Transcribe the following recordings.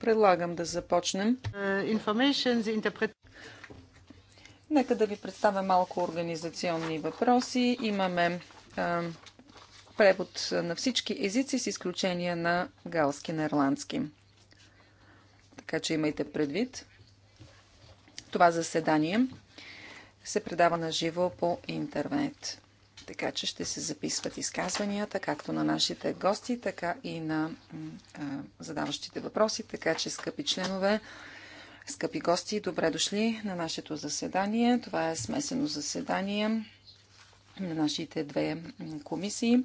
Предлагам да започнем. Uh, Нека да ви представя малко организационни въпроси. Имаме превод на всички езици с изключение на галски на ирландски. Така че имайте предвид. Това заседание се предава на живо по интернет. Така че ще се записват изказванията, както на нашите гости, така и на а, задаващите въпроси. Така че, скъпи членове, скъпи гости, добре дошли на нашето заседание. Това е смесено заседание на нашите две комисии.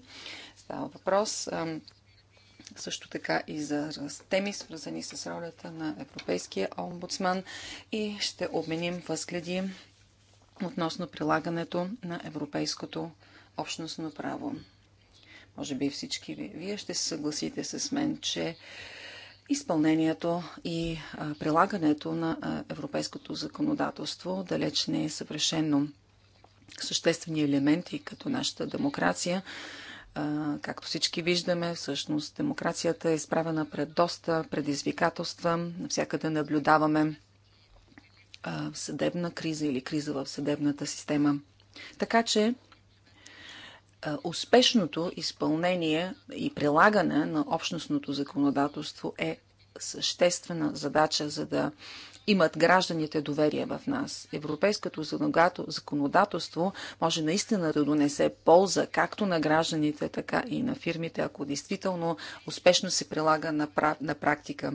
Става въпрос а, също така и за теми, свързани с ролята на Европейския омбудсман и ще обменим възгледи относно прилагането на европейското общностно право. Може би всички вие ще се съгласите с мен, че изпълнението и прилагането на европейското законодателство далеч не е съвършено. Съществени елементи, като нашата демокрация, както всички виждаме, всъщност демокрацията е изправена пред доста предизвикателства. Навсякъде наблюдаваме съдебна криза или криза в съдебната система. Така че е, успешното изпълнение и прилагане на общностното законодателство е съществена задача, за да имат гражданите доверие в нас. Европейското законодателство може наистина да донесе полза както на гражданите, така и на фирмите, ако действително успешно се прилага на, практика.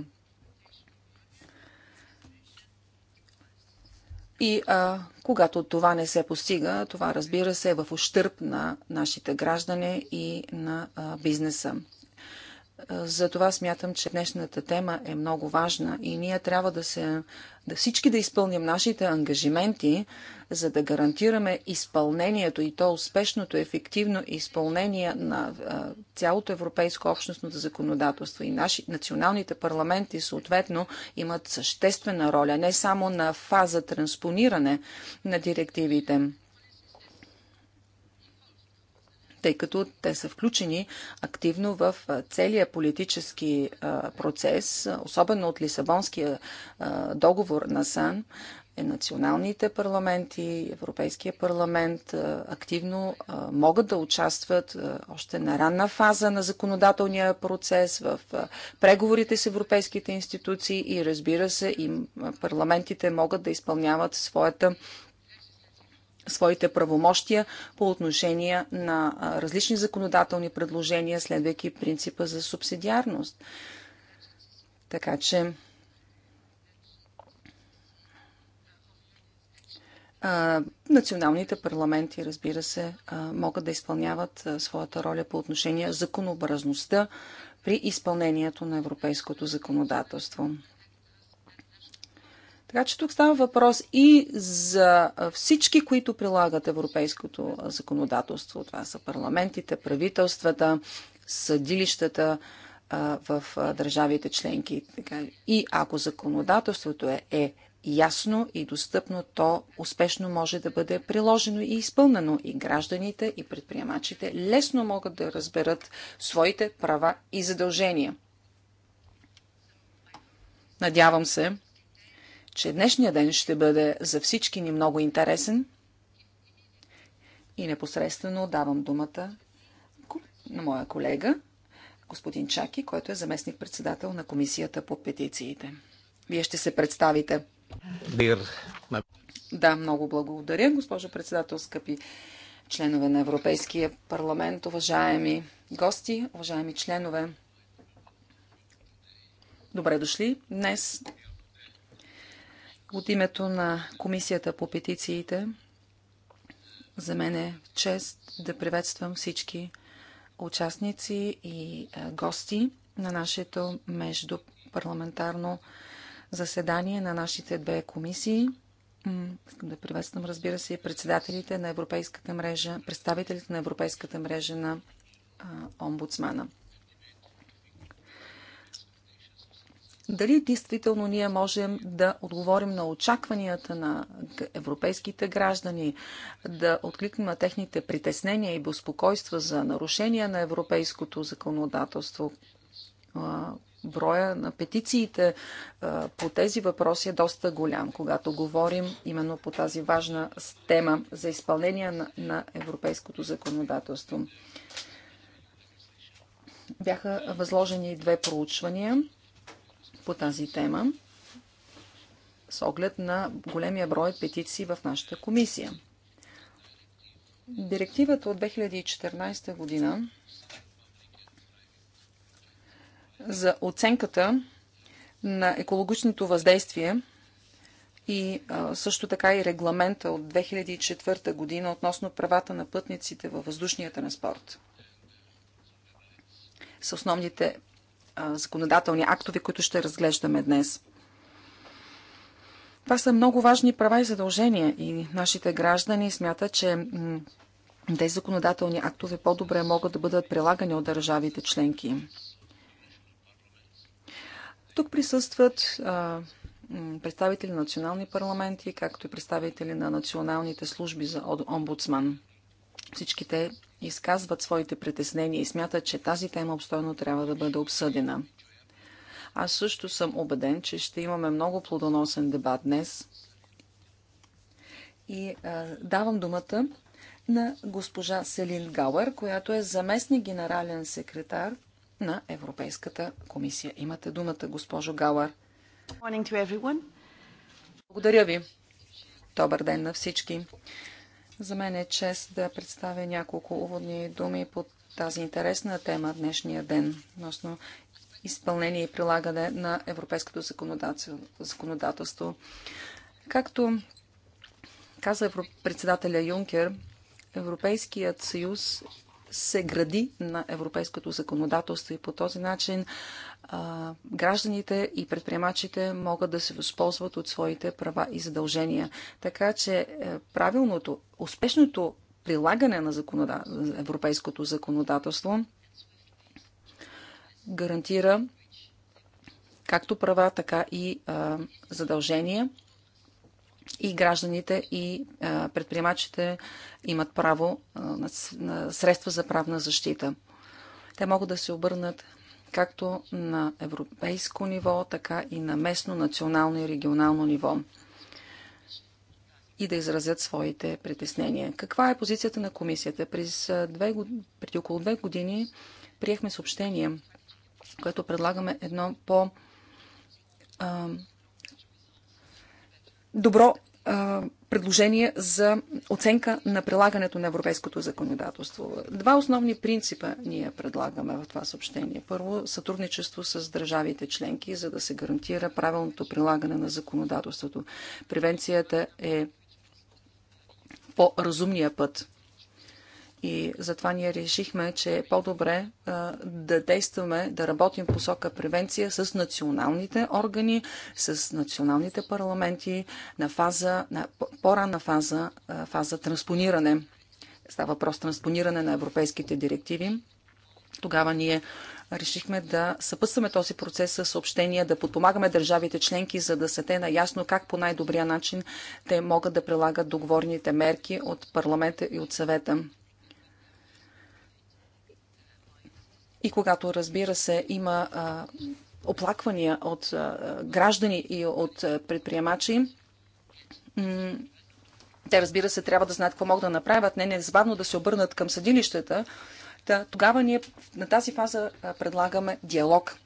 И а, когато това не се постига, това разбира се е в ощърп на нашите граждане и на а, бизнеса. Затова смятам, че днешната тема е много важна и ние трябва да се да всички да изпълним нашите ангажименти, за да гарантираме изпълнението и то успешното, ефективно изпълнение на а, цялото европейско общностното законодателство. И наши националните парламенти съответно имат съществена роля, не само на фаза транспониране на директивите тъй като те са включени активно в целия политически процес, особено от Лисабонския договор на САН, е националните парламенти, Европейския парламент активно могат да участват още на ранна фаза на законодателния процес, в преговорите с европейските институции и разбира се, и парламентите могат да изпълняват своята своите правомощия по отношение на различни законодателни предложения, следвайки принципа за субсидиарност. Така че националните парламенти, разбира се, могат да изпълняват своята роля по отношение законообразността при изпълнението на европейското законодателство. Така че тук става въпрос и за всички, които прилагат европейското законодателство. Това са парламентите, правителствата, съдилищата в държавите членки. И ако законодателството е, е ясно и достъпно, то успешно може да бъде приложено и изпълнено. И гражданите, и предприемачите лесно могат да разберат своите права и задължения. Надявам се, че днешния ден ще бъде за всички ни много интересен. И непосредствено давам думата на моя колега, господин Чаки, който е заместник-председател на Комисията по петициите. Вие ще се представите. Бир. Да, много благодаря, госпожо председател, скъпи членове на Европейския парламент, уважаеми гости, уважаеми членове. Добре дошли днес от името на Комисията по петициите, за мен е чест да приветствам всички участници и гости на нашето междупарламентарно заседание на нашите две комисии. Искам да приветствам, разбира се, и председателите на Европейската мрежа, представителите на Европейската мрежа на омбудсмана. дали действително ние можем да отговорим на очакванията на европейските граждани, да откликнем на техните притеснения и безпокойства за нарушения на европейското законодателство. Броя на петициите по тези въпроси е доста голям, когато говорим именно по тази важна тема за изпълнение на европейското законодателство бяха възложени две проучвания по тази тема с оглед на големия брой петиции в нашата комисия. Директивата от 2014 година за оценката на екологичното въздействие и също така и регламента от 2004 година относно правата на пътниците във въздушния транспорт. С основните законодателни актове, които ще разглеждаме днес. Това са много важни права и задължения и нашите граждани смятат, че тези законодателни актове по-добре могат да бъдат прилагани от държавите членки. Тук присъстват а, представители на национални парламенти, както и представители на националните служби за омбудсман. Всички те изказват своите притеснения и смятат, че тази тема обстойно трябва да бъде обсъдена. Аз също съм убеден, че ще имаме много плодоносен дебат днес. И а, давам думата на госпожа Селин Гауер, която е заместник генерален секретар на Европейската комисия. Имате думата, госпожо Гауер. Благодаря ви. Добър ден на всички. За мен е чест да представя няколко уводни думи по тази интересна тема в днешния ден, относно изпълнение и прилагане на европейското законодателство. Както каза председателя Юнкер, Европейският съюз се гради на европейското законодателство и по този начин а, гражданите и предприемачите могат да се възползват от своите права и задължения. Така че е, правилното, успешното прилагане на законода... европейското законодателство гарантира както права, така и а, задължения. И гражданите, и а, предприемачите имат право а, на средства за правна защита. Те могат да се обърнат както на европейско ниво, така и на местно, национално и регионално ниво и да изразят своите притеснения. Каква е позицията на комисията? През две, преди около две години приехме съобщение, което предлагаме едно по- добро предложения за оценка на прилагането на европейското законодателство. Два основни принципа ние предлагаме в това съобщение. Първо, сътрудничество с държавите членки, за да се гарантира правилното прилагане на законодателството. Превенцията е по-разумния път и затова ние решихме, че е по-добре да действаме, да работим посока превенция с националните органи, с националните парламенти на фаза, на по-рана фаза, а, фаза транспониране. Става въпрос транспониране на европейските директиви. Тогава ние решихме да съпъстваме този процес с съобщения, да подпомагаме държавите членки, за да са те наясно как по най-добрия начин те могат да прилагат договорните мерки от парламента и от съвета. И когато, разбира се, има а, оплаквания от а, граждани и от а, предприемачи, те, разбира се, трябва да знаят какво могат да направят, не незабавно да се обърнат към съдилищата. Та, тогава ние на тази фаза а, предлагаме диалог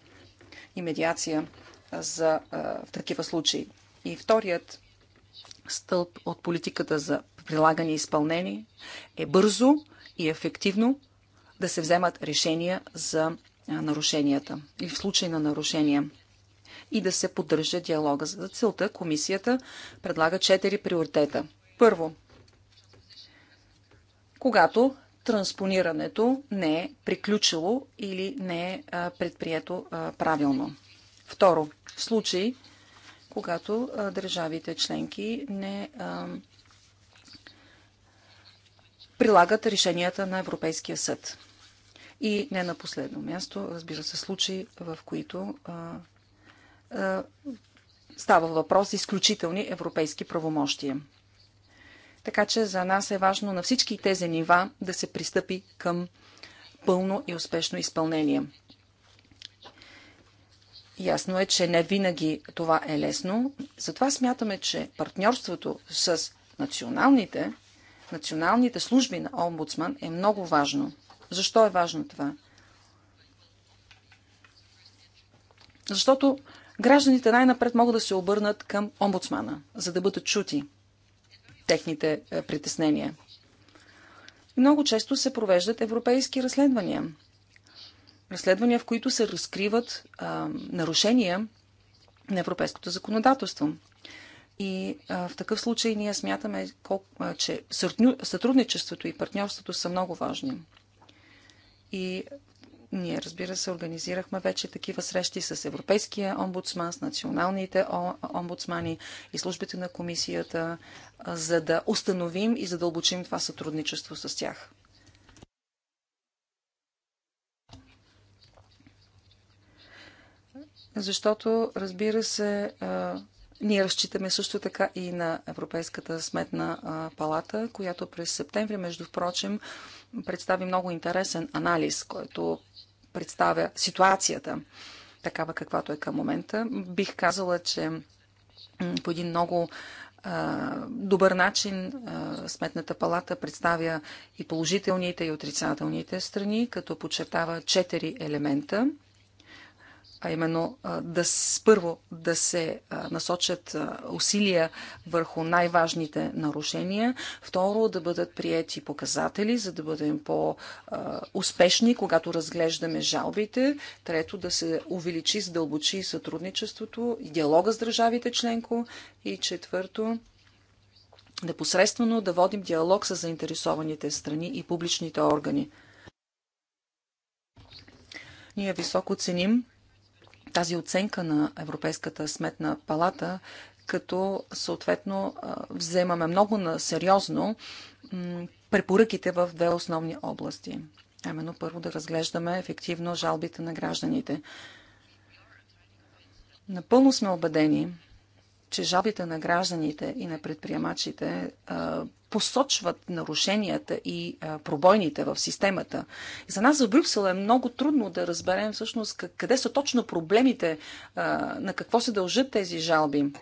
и медиация за, а, в такива случаи. И вторият стълб от политиката за прилагане и изпълнение е бързо и ефективно да се вземат решения за нарушенията и в случай на нарушения и да се поддържа диалога. За целта комисията предлага четири приоритета. Първо, когато транспонирането не е приключило или не е предприето правилно. Второ, в случай, когато държавите членки не прилагат решенията на Европейския съд. И не на последно място, разбира се, случаи, в които а, а, става въпрос изключителни европейски правомощия. Така че за нас е важно на всички тези нива да се пристъпи към пълно и успешно изпълнение. Ясно е, че не винаги това е лесно. Затова смятаме, че партньорството с националните, националните служби на омбудсман е много важно – защо е важно това? Защото гражданите най-напред могат да се обърнат към омбудсмана, за да бъдат чути техните е, притеснения. Много често се провеждат европейски разследвания. Разследвания, в които се разкриват а, нарушения на европейското законодателство. И а, в такъв случай ние смятаме, че сътрудничеството и партньорството са много важни. И ние, разбира се, организирахме вече такива срещи с Европейския омбудсман, с националните омбудсмани и службите на комисията, за да установим и задълбочим това сътрудничество с тях. Защото, разбира се, ние разчитаме също така и на Европейската сметна палата, която през септември, между впрочем, представи много интересен анализ, който представя ситуацията, такава каквато е към момента. Бих казала, че по един много добър начин Сметната палата представя и положителните, и отрицателните страни, като подчертава четири елемента – а именно да, първо да се насочат усилия върху най-важните нарушения, второ да бъдат приети показатели, за да бъдем по-успешни, когато разглеждаме жалбите, трето да се увеличи, задълбочи сътрудничеството и диалога с държавите членко и четвърто непосредствено да водим диалог с заинтересованите страни и публичните органи. Ние високо ценим тази оценка на Европейската сметна палата, като съответно вземаме много на сериозно препоръките в две основни области. Именно първо да разглеждаме ефективно жалбите на гражданите. Напълно сме убедени, че жалбите на гражданите и на предприемачите посочват нарушенията и пробойните в системата. И за нас в Брюксел е много трудно да разберем всъщност къде са точно проблемите, на какво се дължат тези жалби.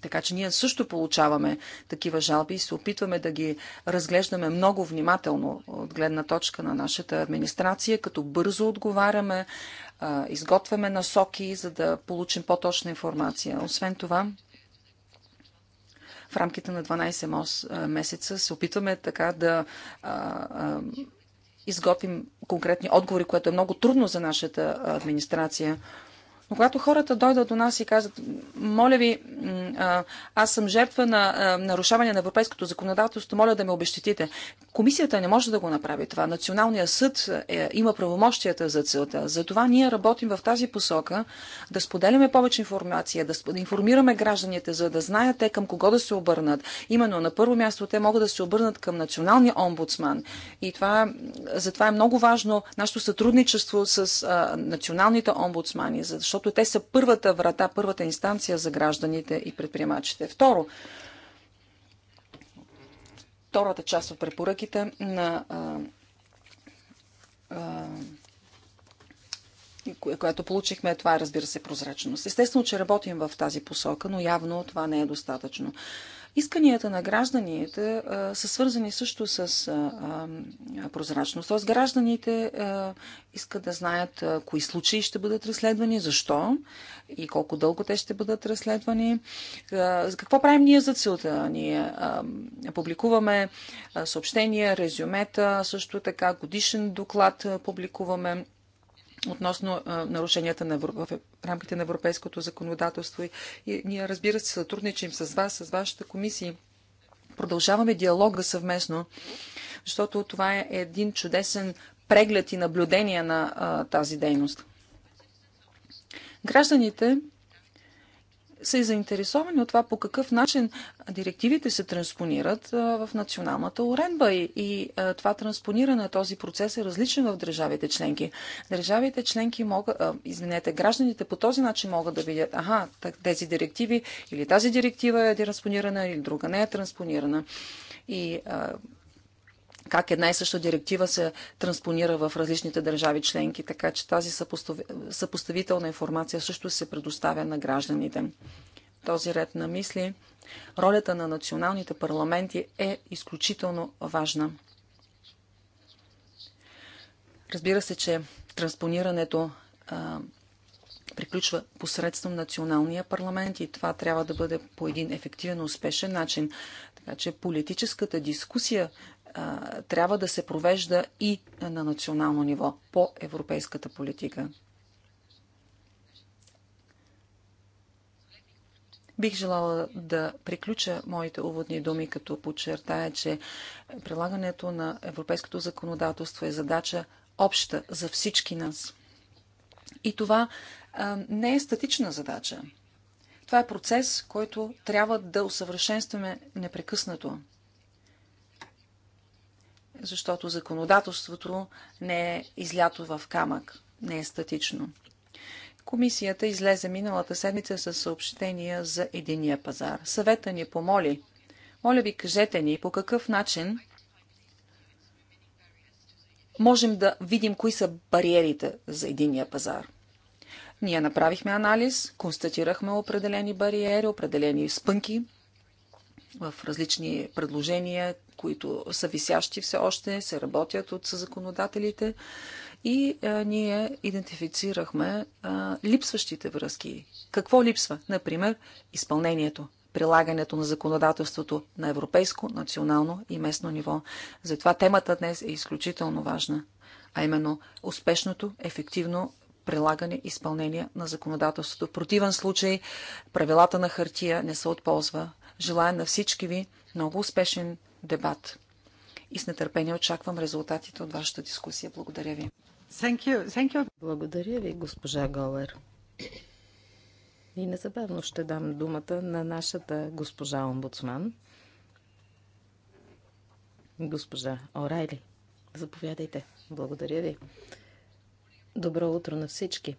Така че ние също получаваме такива жалби и се опитваме да ги разглеждаме много внимателно от гледна точка на нашата администрация, като бързо отговаряме, изготвяме насоки, за да получим по-точна информация. Освен това, в рамките на 12 месеца се опитваме така да изготвим конкретни отговори, което е много трудно за нашата администрация. Но когато хората дойдат до нас и казват, моля ви, аз съм жертва на нарушаване на европейското законодателство, моля да ме обещетите. Комисията не може да го направи това. Националният съд е, има правомощията за целта. Затова ние работим в тази посока да споделяме повече информация, да, информираме гражданите, за да знаят те към кого да се обърнат. Именно на първо място те могат да се обърнат към националния омбудсман. И това, затова е много важно нашето сътрудничество с а, националните омбудсмани, защото защото те са първата врата, първата инстанция за гражданите и предприемачите. Второ, втората част от препоръките на която получихме, това е, разбира се, прозрачност. Естествено, че работим в тази посока, но явно това не е достатъчно. Исканията на гражданите а, са свързани също с а, прозрачност. Тоест гражданите а, искат да знаят кои случаи ще бъдат разследвани, защо и колко дълго те ще бъдат разследвани. Какво правим ние за целта? Ние публикуваме съобщения, резюмета, също така годишен доклад публикуваме относно а, нарушенията на, в, в рамките на европейското законодателство. И, и ние, разбира се, сътрудничим с вас, с вашата комисия. Продължаваме диалога съвместно, защото това е един чудесен преглед и наблюдение на а, тази дейност. Гражданите са и заинтересовани от това по какъв начин директивите се транспонират в националната уренба. и, и това транспониране, този процес е различен в държавите членки. Държавите членки могат, извинете, гражданите по този начин могат да видят, аха, тези директиви или тази директива е транспонирана или друга не е транспонирана. И а, как една и съща директива се транспонира в различните държави членки, така че тази съпоставителна информация също се предоставя на гражданите. Този ред на мисли, ролята на националните парламенти е изключително важна. Разбира се, че транспонирането а, приключва посредством националния парламент и това трябва да бъде по един ефективен, успешен начин. Така че политическата дискусия трябва да се провежда и на национално ниво по европейската политика. Бих желала да приключа моите уводни думи, като подчертая, че прилагането на европейското законодателство е задача обща за всички нас. И това а, не е статична задача. Това е процес, който трябва да усъвършенстваме непрекъснато защото законодателството не е излято в камък, не е статично. Комисията излезе миналата седмица с съобщения за единия пазар. Съвета ни помоли. Моля ви, кажете ни по какъв начин можем да видим кои са бариерите за единия пазар. Ние направихме анализ, констатирахме определени бариери, определени спънки в различни предложения, които са висящи все още, се работят от законодателите и а, ние идентифицирахме а, липсващите връзки. Какво липсва? Например, изпълнението прилагането на законодателството на европейско, национално и местно ниво. Затова темата днес е изключително важна, а именно успешното, ефективно прилагане и изпълнение на законодателството. В противен случай правилата на хартия не са от ползва. Желая на всички ви много успешен дебат. И с нетърпение очаквам резултатите от вашата дискусия. Благодаря ви. Thank you. Thank you. Благодаря ви, госпожа Голер. И незабавно ще дам думата на нашата госпожа омбудсман. Госпожа Орайли, заповядайте. Благодаря ви. Добро утро на всички.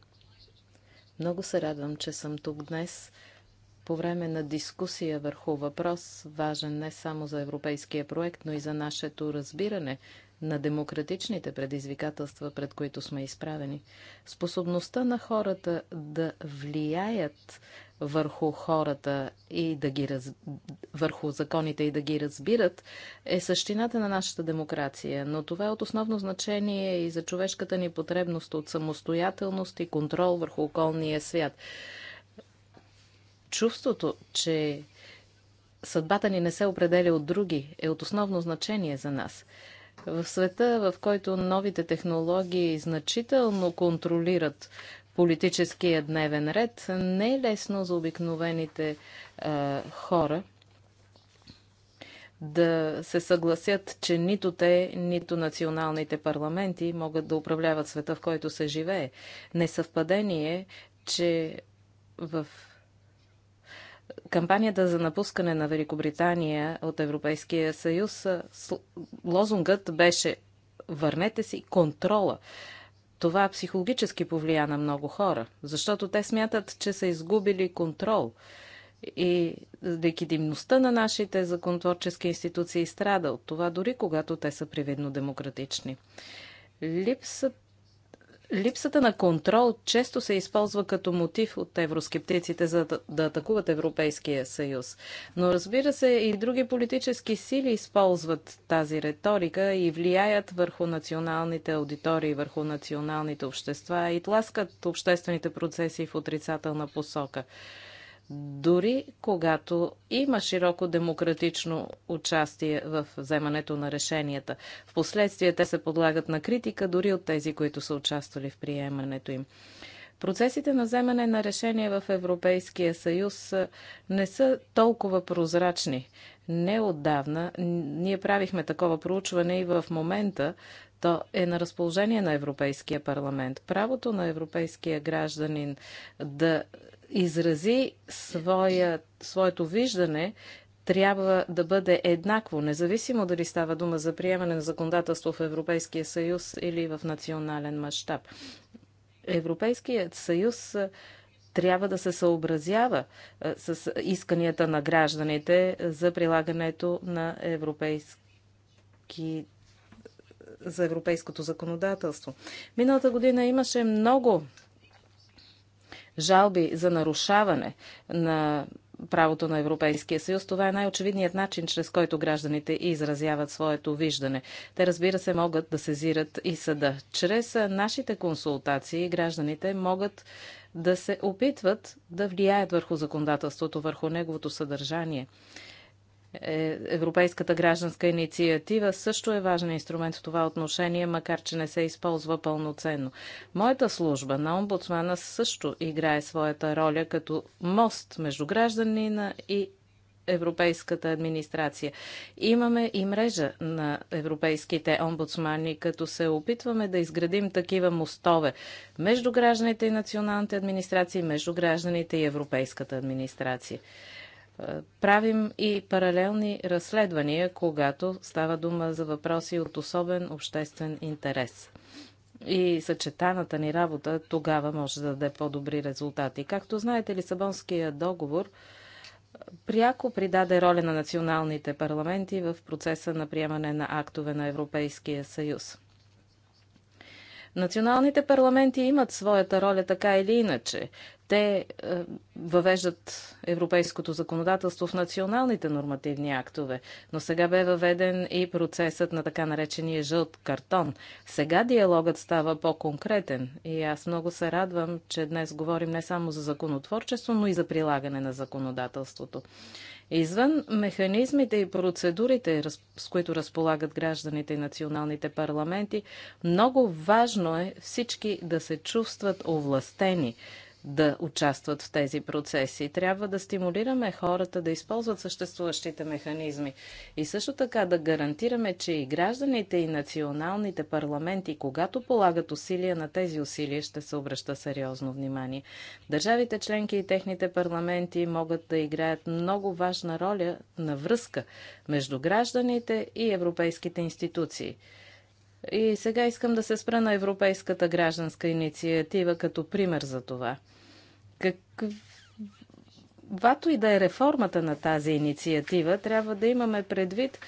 Много се радвам, че съм тук днес по време на дискусия върху въпрос, важен не само за европейския проект, но и за нашето разбиране на демократичните предизвикателства, пред които сме изправени. Способността на хората да влияят върху хората и да ги раз... върху законите и да ги разбират е същината на нашата демокрация, но това е от основно значение и за човешката ни потребност от самостоятелност и контрол върху околния свят. Чувството, че съдбата ни не се определя от други, е от основно значение за нас. В света, в който новите технологии значително контролират политическия дневен ред, не е лесно за обикновените а, е, хора да се съгласят, че нито те, нито националните парламенти могат да управляват света, в който се живее. Несъвпадение, че в кампанията за напускане на Великобритания от Европейския съюз, лозунгът беше Върнете си контрола. Това психологически повлия на много хора, защото те смятат, че са изгубили контрол. И легитимността на нашите законотворчески институции страда от това, дори когато те са привидно демократични. Липсата Липсата на контрол често се използва като мотив от евроскептиците за да атакуват Европейския съюз. Но разбира се, и други политически сили използват тази риторика и влияят върху националните аудитории, върху националните общества и тласкат обществените процеси в отрицателна посока. Дори когато има широко демократично участие в вземането на решенията, в последствие те се подлагат на критика дори от тези, които са участвали в приемането им. Процесите на вземане на решения в Европейския съюз не са толкова прозрачни. Не отдавна ние правихме такова проучване и в момента то е на разположение на Европейския парламент. Правото на европейския гражданин да изрази своя, своето виждане, трябва да бъде еднакво, независимо дали става дума за приемане на законодателство в Европейския съюз или в национален мащаб. Европейският съюз трябва да се съобразява с исканията на гражданите за прилагането на европейски за европейското законодателство. Миналата година имаше много жалби за нарушаване на правото на Европейския съюз. Това е най-очевидният начин, чрез който гражданите изразяват своето виждане. Те, разбира се, могат да сезират и съда. Чрез нашите консултации гражданите могат да се опитват да влияят върху законодателството, върху неговото съдържание. Е Европейската гражданска инициатива също е важен инструмент в това отношение, макар че не се използва пълноценно. Моята служба на омбудсмана също играе своята роля като мост между гражданина и Европейската администрация. Имаме и мрежа на европейските омбудсмани, като се опитваме да изградим такива мостове между гражданите и националните администрации, между гражданите и Европейската администрация. Е, правим и паралелни разследвания, когато става дума за въпроси от особен обществен интерес. И съчетаната ни работа тогава може да даде по-добри резултати. Както знаете, Лисабонския договор е, пряко придаде роля на националните парламенти в процеса на приемане на актове на Европейския съюз. Националните парламенти имат своята роля така или иначе. Те е, въвеждат европейското законодателство в националните нормативни актове, но сега бе въведен и процесът на така наречения жълт картон. Сега диалогът става по-конкретен и аз много се радвам, че днес говорим не само за законотворчество, но и за прилагане на законодателството. Извън механизмите и процедурите, с които разполагат гражданите и националните парламенти, много важно е всички да се чувстват овластени, да участват в тези процеси. Трябва да стимулираме хората да използват съществуващите механизми и също така да гарантираме, че и гражданите и националните парламенти, когато полагат усилия на тези усилия, ще се обръща сериозно внимание. Държавите членки и техните парламенти могат да играят много важна роля на връзка между гражданите и европейските институции. И сега искам да се спра на Европейската гражданска инициатива като пример за това. Каквато и да е реформата на тази инициатива, трябва да имаме предвид,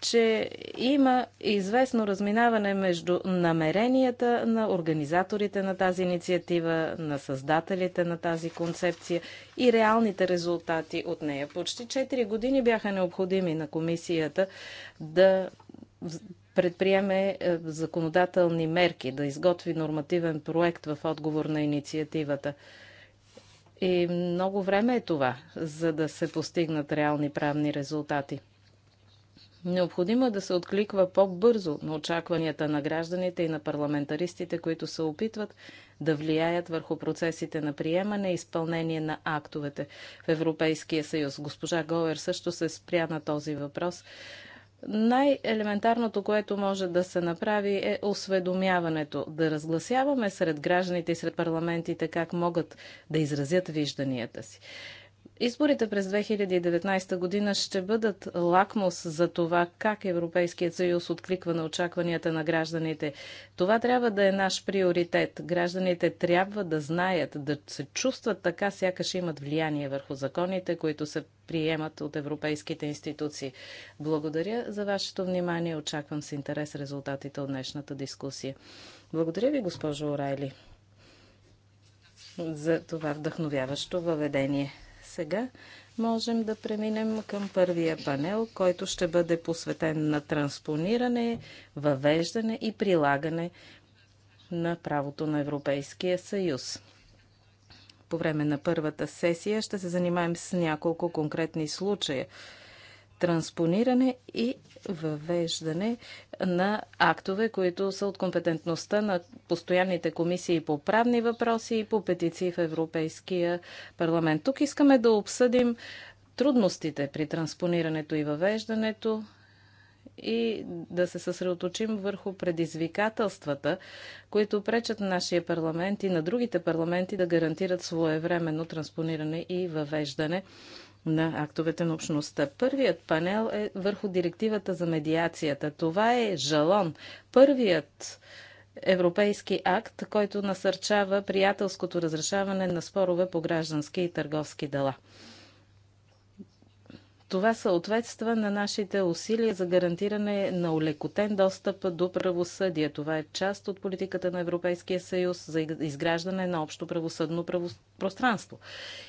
че има известно разминаване между намеренията на организаторите на тази инициатива, на създателите на тази концепция и реалните резултати от нея. Почти 4 години бяха необходими на комисията да предприеме е, законодателни мерки, да изготви нормативен проект в отговор на инициативата. И много време е това, за да се постигнат реални правни резултати. Необходимо е да се откликва по-бързо на очакванията на гражданите и на парламентаристите, които се опитват да влияят върху процесите на приемане и изпълнение на актовете в Европейския съюз. Госпожа Говер също се спря на този въпрос най-елементарното, което може да се направи е осведомяването. Да разгласяваме сред гражданите и сред парламентите как могат да изразят вижданията си. Изборите през 2019 година ще бъдат лакмус за това как Европейският съюз откликва на очакванията на гражданите. Това трябва да е наш приоритет. Гражданите трябва да знаят, да се чувстват така, сякаш имат влияние върху законите, които се приемат от европейските институции. Благодаря за вашето внимание. Очаквам с интерес резултатите от днешната дискусия. Благодаря ви, госпожо Орайли, за това вдъхновяващо въведение. Сега можем да преминем към първия панел, който ще бъде посветен на транспониране, въвеждане и прилагане на правото на Европейския съюз. По време на първата сесия ще се занимаем с няколко конкретни случая транспониране и въвеждане на актове, които са от компетентността на постоянните комисии по правни въпроси и по петиции в Европейския парламент. Тук искаме да обсъдим трудностите при транспонирането и въвеждането и да се съсредоточим върху предизвикателствата, които пречат на нашия парламент и на другите парламенти да гарантират своевременно транспониране и въвеждане на актовете на общността. Първият панел е върху директивата за медиацията. Това е жалон. Първият европейски акт, който насърчава приятелското разрешаване на спорове по граждански и търговски дела. Това съответства на нашите усилия за гарантиране на улекотен достъп до правосъдие. Това е част от политиката на Европейския съюз за изграждане на общо правосъдно пространство.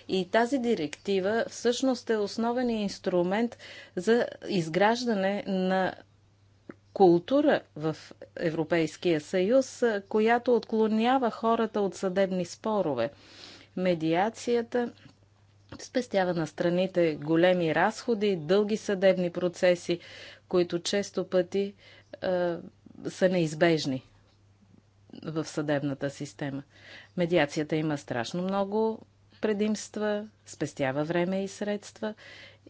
И тази директива всъщност е основен инструмент за изграждане на култура в Европейския съюз, която отклонява хората от съдебни спорове. Медиацията спестява на страните големи разходи, дълги съдебни процеси, които често пъти е, са неизбежни в съдебната система. Медиацията има страшно много предимства, спестява време и средства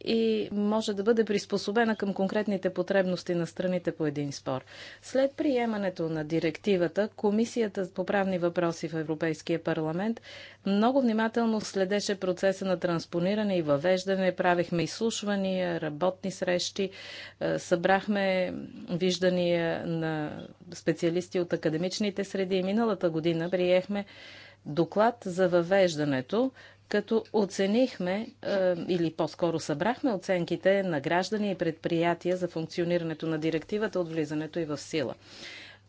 и може да бъде приспособена към конкретните потребности на страните по един спор. След приемането на директивата, Комисията по правни въпроси в Европейския парламент много внимателно следеше процеса на транспониране и въвеждане. Правихме изслушвания, работни срещи, е, събрахме виждания на специалисти от академичните среди. Миналата година приехме доклад за въвеждането, като оценихме е, или по-скоро събрахме оценките на граждани и предприятия за функционирането на директивата от влизането и в сила.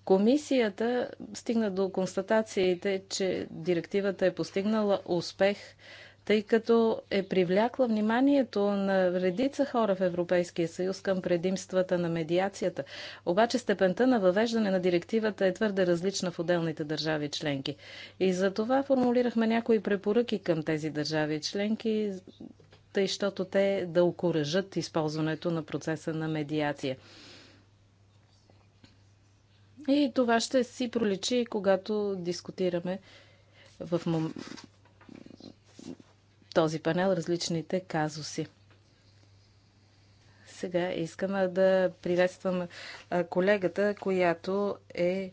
Комисията стигна до констатациите, че директивата е постигнала успех тъй като е привлякла вниманието на редица хора в Европейския съюз към предимствата на медиацията. Обаче степента на въвеждане на директивата е твърде различна в отделните държави членки. И за това формулирахме някои препоръки към тези държави членки, тъй щото те да окоръжат използването на процеса на медиация. И това ще си проличи, когато дискутираме в мом този панел различните казуси. Сега искам да приветствам колегата, която е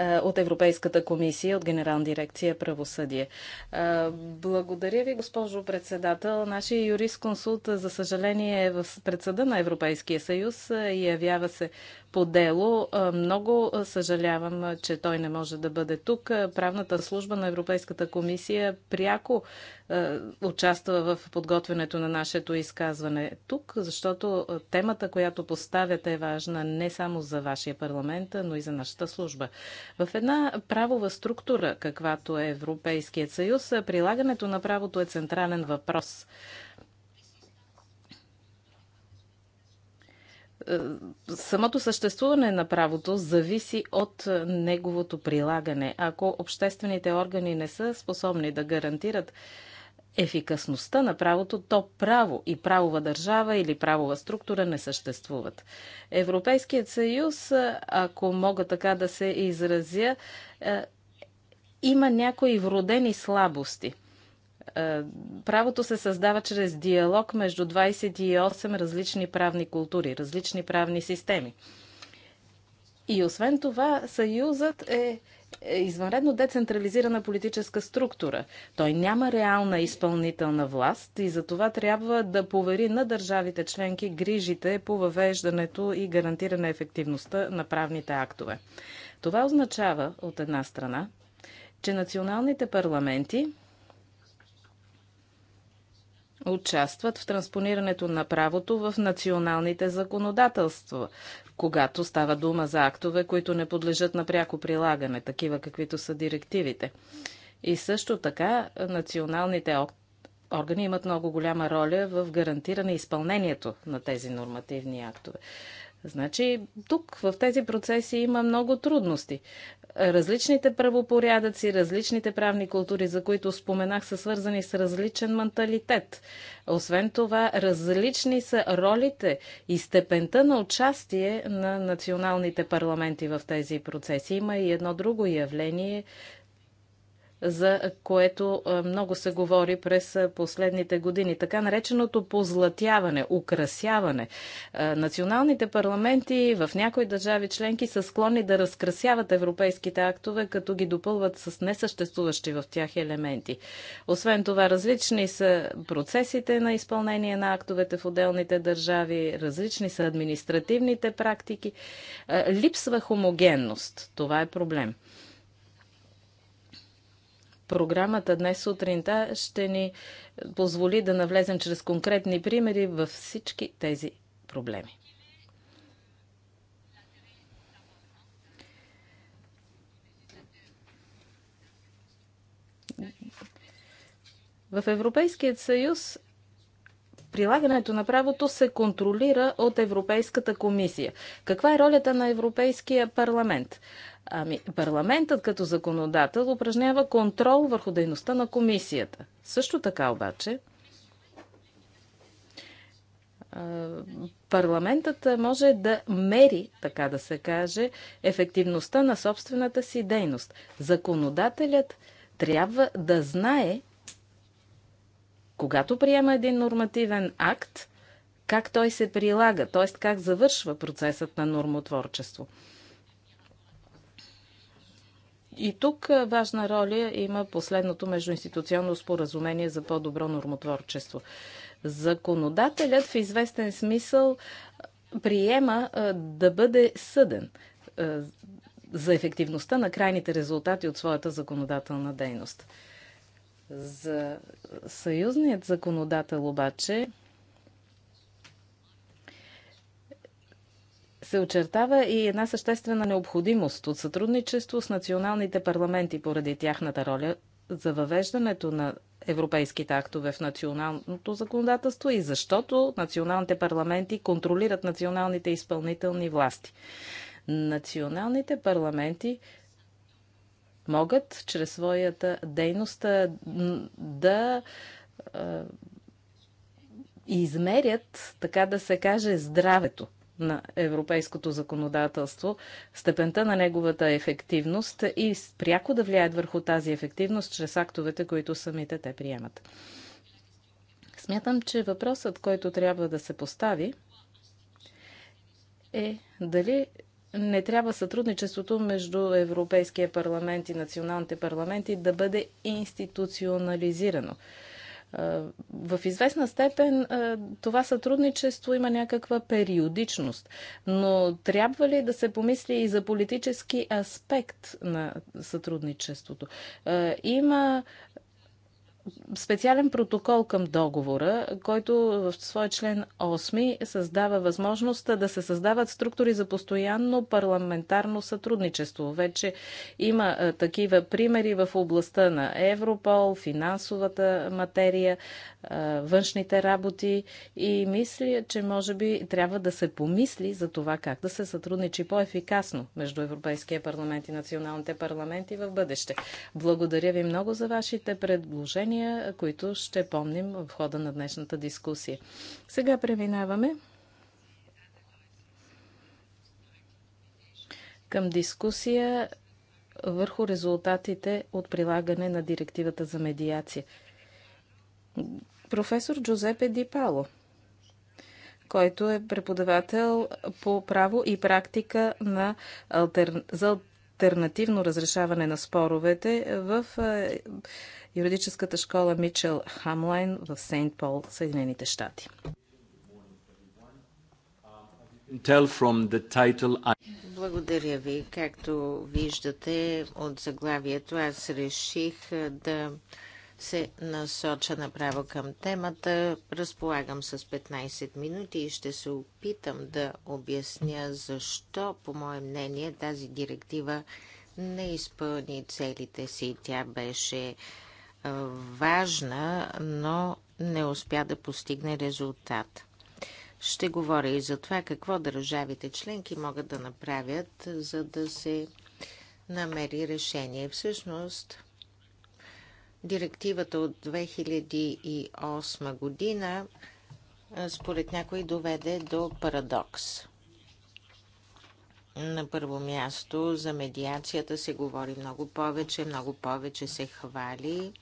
от Европейската комисия, от Генерална дирекция правосъдие. Благодаря ви, госпожо председател. Нашия юрист консулт, за съжаление, е в предсъда на Европейския съюз и явява се по дело. Много съжалявам, че той не може да бъде тук. Правната служба на Европейската комисия пряко участва в подготвянето на нашето изказване тук, защото темата, която поставят, е важна не само за вашия парламент, но и за нашата служба. В една правова структура, каквато е Европейският съюз, прилагането на правото е централен въпрос. Е, самото съществуване на правото зависи от неговото прилагане. Ако обществените органи не са способни да гарантират ефикасността на правото, то право и правова държава или правова структура не съществуват. Европейският съюз, ако мога така да се изразя, е, има някои вродени слабости – е, правото се създава чрез диалог между 28 различни правни култури, различни правни системи. И освен това, Съюзът е, е извънредно децентрализирана политическа структура. Той няма реална изпълнителна власт и за това трябва да повери на държавите членки грижите по въвеждането и гарантиране ефективността на правните актове. Това означава, от една страна, че националните парламенти участват в транспонирането на правото в националните законодателства, когато става дума за актове, които не подлежат на пряко прилагане, такива каквито са директивите. И също така националните органи имат много голяма роля в гарантиране изпълнението на тези нормативни актове. Значи тук в тези процеси има много трудности. Различните правопорядъци, различните правни култури, за които споменах, са свързани с различен менталитет. Освен това, различни са ролите и степента на участие на националните парламенти в тези процеси. Има и едно друго явление, за което много се говори през последните години. Така нареченото позлатяване, украсяване. Националните парламенти в някои държави членки са склонни да разкрасяват европейските актове, като ги допълват с несъществуващи в тях елементи. Освен това, различни са процесите на изпълнение на актовете в отделните държави, различни са административните практики. Липсва хомогенност. Това е проблем. Програмата днес сутринта ще ни позволи да навлезем чрез конкретни примери във всички тези проблеми. В Европейският съюз прилагането на правото се контролира от Европейската комисия. Каква е ролята на Европейския парламент? Ами, парламентът като законодател упражнява контрол върху дейността на комисията. Също така обаче, парламентът може да мери, така да се каже, ефективността на собствената си дейност. Законодателят трябва да знае когато приема един нормативен акт, как той се прилага, т.е. как завършва процесът на нормотворчество. И тук важна роля има последното междуинституционно споразумение за по-добро нормотворчество. Законодателят в известен смисъл приема да бъде съден за ефективността на крайните резултати от своята законодателна дейност. За съюзният законодател обаче се очертава и една съществена необходимост от сътрудничество с националните парламенти поради тяхната роля за въвеждането на европейските актове в националното законодателство и защото националните парламенти контролират националните изпълнителни власти. Националните парламенти могат чрез своята дейност да измерят, така да се каже, здравето на европейското законодателство, степента на неговата ефективност и пряко да влияят върху тази ефективност чрез актовете, които самите те приемат. Смятам, че въпросът, който трябва да се постави, е дали не трябва сътрудничеството между Европейския парламент и националните парламенти да бъде институционализирано. В известна степен това сътрудничество има някаква периодичност, но трябва ли да се помисли и за политически аспект на сътрудничеството? Има специален протокол към договора, който в своя член 8 създава възможност да се създават структури за постоянно парламентарно сътрудничество. Вече има такива примери в областта на Европол, финансовата материя, външните работи и мисля, че може би трябва да се помисли за това как да се сътрудничи по-ефикасно между Европейския парламент и националните парламенти в бъдеще. Благодаря ви много за вашите предложения изречения, които ще помним в хода на днешната дискусия. Сега преминаваме към дискусия върху резултатите от прилагане на директивата за медиация. Професор Джузепе Ди Пало, който е преподавател по право и практика на альтер... за альтернативно разрешаване на споровете в е, юридическата школа Мичел Хамлайн в Сейнт Пол, Съединените щати. Благодаря ви. Както виждате от заглавието, аз реших да се насоча направо към темата. Разполагам с 15 минути и ще се опитам да обясня защо, по мое мнение, тази директива не изпълни целите си. Тя беше важна, но не успя да постигне резултат. Ще говоря и за това какво държавите членки могат да направят, за да се намери решение. Всъщност, директивата от 2008 година според някой доведе до парадокс. На първо място за медиацията се говори много повече, много повече се хвали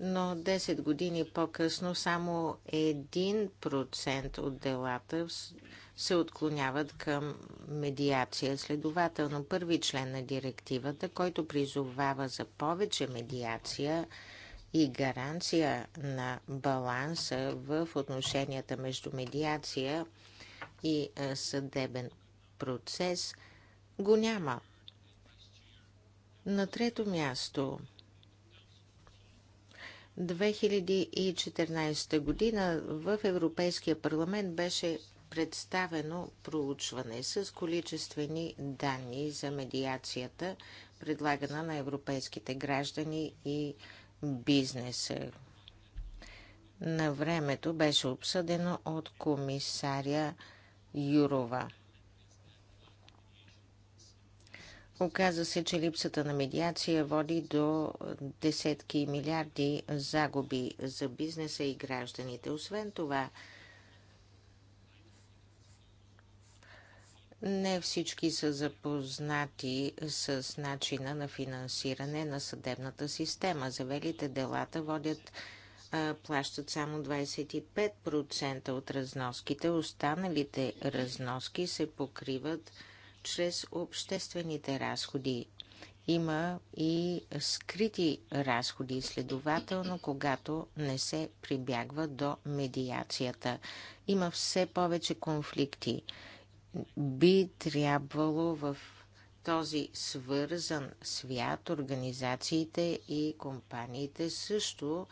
но 10 години по-късно само 1% от делата се отклоняват към медиация. Следователно, първи член на директивата, който призовава за повече медиация и гаранция на баланса в отношенията между медиация и съдебен процес, го няма. На трето място – 2014 година в Европейския парламент беше представено проучване с количествени данни за медиацията, предлагана на европейските граждани и бизнеса. На времето беше обсъдено от комисаря Юрова – Оказва се, че липсата на медиация води до десетки милиарди загуби за бизнеса и гражданите. Освен това, не всички са запознати с начина на финансиране на съдебната система. Завелите делата водят плащат само 25% от разноските. Останалите разноски се покриват чрез обществените разходи. Има и скрити разходи, следователно, когато не се прибягва до медиацията. Има все повече конфликти. Би трябвало в този свързан свят организациите и компаниите също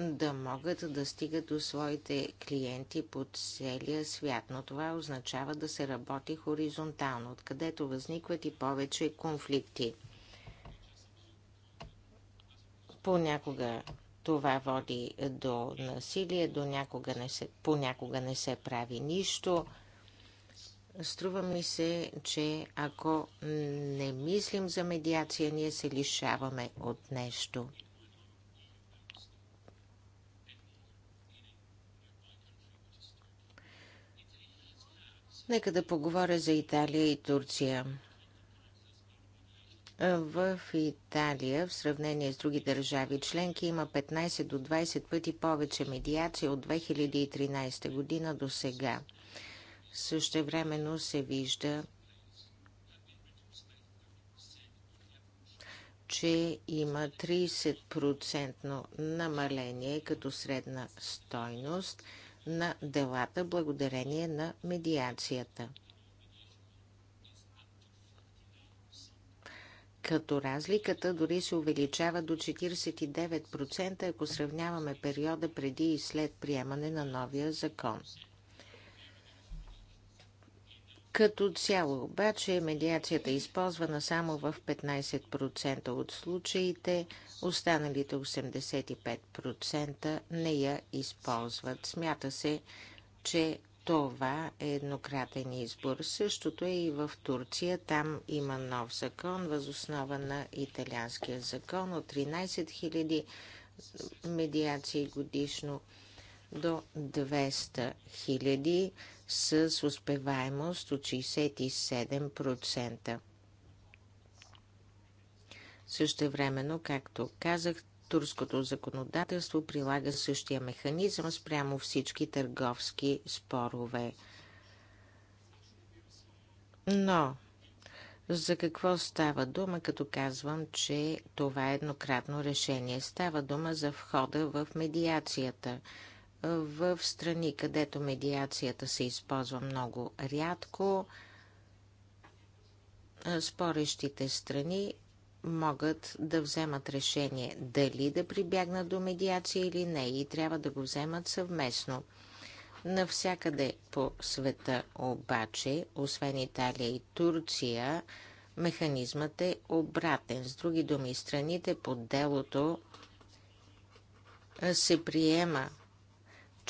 да могат да стигат до своите клиенти по целия свят, но това означава да се работи хоризонтално, откъдето възникват и повече конфликти. Понякога това води до насилие, до някога не се, понякога не се прави нищо. Струва ми се, че ако не мислим за медиация, ние се лишаваме от нещо. Нека да поговоря за Италия и Турция. В Италия, в сравнение с други държави членки, има 15 до 20 пъти повече медиация от 2013 година до сега. Същевременно се вижда, че има 30% намаление като средна стойност – на делата благодарение на медиацията. Като разликата дори се увеличава до 49%, ако сравняваме периода преди и след приемане на новия закон. Като цяло обаче медиацията е използвана само в 15% от случаите, останалите 85% не я използват. Смята се, че това е еднократен избор. Същото е и в Турция. Там има нов закон, възоснова на италианския закон от 13 000 медиации годишно до 200 000 с успеваемост от 67%. Същевременно, както казах, турското законодателство прилага същия механизъм спрямо всички търговски спорове. Но за какво става дума, като казвам, че това е еднократно решение? Става дума за входа в медиацията – в страни, където медиацията се използва много рядко, спорещите страни могат да вземат решение дали да прибягнат до медиация или не и трябва да го вземат съвместно. Навсякъде по света обаче, освен Италия и Турция, механизмът е обратен. С други думи, страните по делото се приема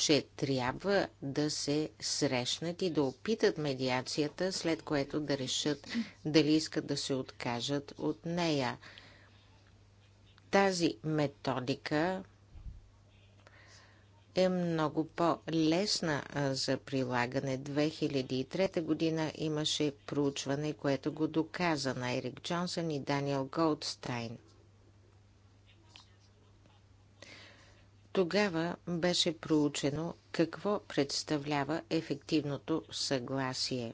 че трябва да се срещнат и да опитат медиацията, след което да решат дали искат да се откажат от нея. Тази методика е много по-лесна за прилагане. 2003 година имаше проучване, което го доказа на Ерик Джонсън и Даниел Голдстайн – Тогава беше проучено какво представлява ефективното съгласие.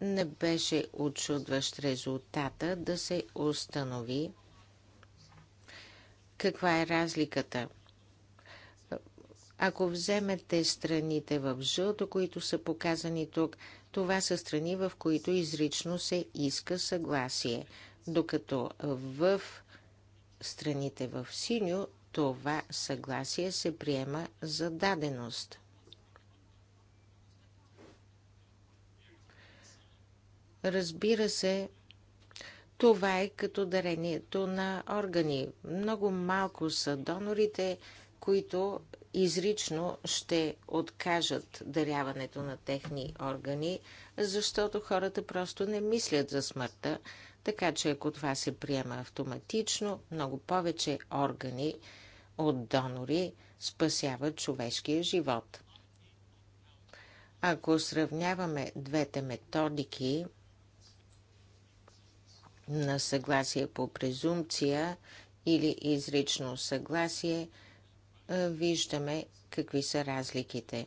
Не беше очудващ резултата да се установи каква е разликата. Ако вземете страните в жълто, които са показани тук, това са страни, в които изрично се иска съгласие – докато в страните в синьо това съгласие се приема за даденост. Разбира се, това е като дарението на органи. Много малко са донорите, които изрично ще откажат даряването на техни органи, защото хората просто не мислят за смъртта, така че ако това се приема автоматично, много повече органи от донори спасяват човешкия живот. Ако сравняваме двете методики на съгласие по презумпция или изрично съгласие, виждаме какви са разликите.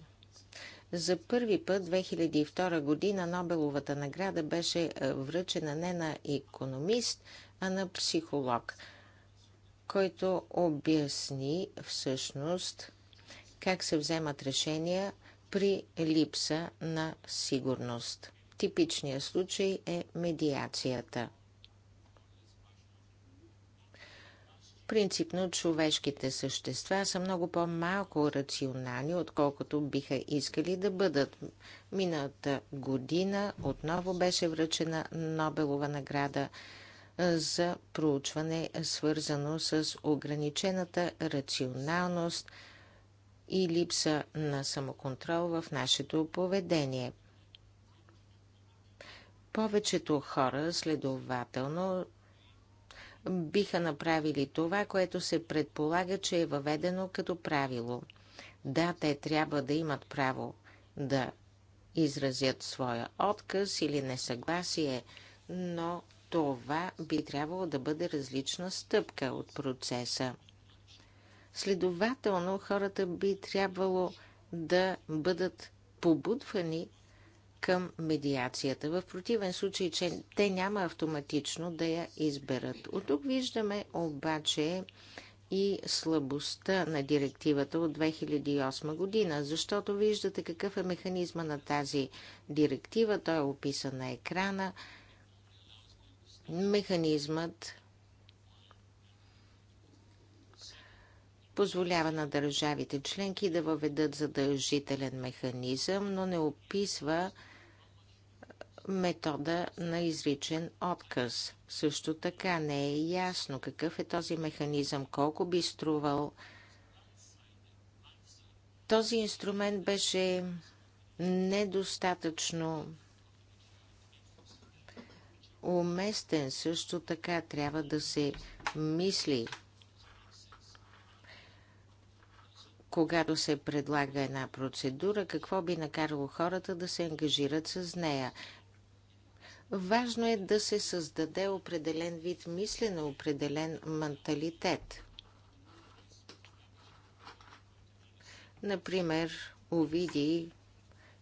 За първи път 2002 година Нобеловата награда беше е, връчена не на економист, а на психолог, който обясни всъщност как се вземат решения при липса на сигурност. Типичният случай е медиацията. Принципно човешките същества са много по-малко рационални, отколкото биха искали да бъдат. Миналата година отново беше връчена Нобелова награда за проучване, свързано с ограничената рационалност и липса на самоконтрол в нашето поведение. Повечето хора, следователно, биха направили това, което се предполага, че е въведено като правило. Да, те трябва да имат право да изразят своя отказ или несъгласие, но това би трябвало да бъде различна стъпка от процеса. Следователно, хората би трябвало да бъдат побудвани към медиацията. В противен случай, че те няма автоматично да я изберат. От тук виждаме обаче и слабостта на директивата от 2008 година, защото виждате какъв е механизма на тази директива. Той е описан на екрана. Механизмът позволява на държавите членки да въведат задължителен механизъм, но не описва метода на изричен отказ. Също така не е ясно какъв е този механизъм, колко би струвал. Този инструмент беше недостатъчно уместен. Също така трябва да се мисли когато се предлага една процедура, какво би накарало хората да се ангажират с нея? Важно е да се създаде определен вид мислене, определен менталитет. Например, увиди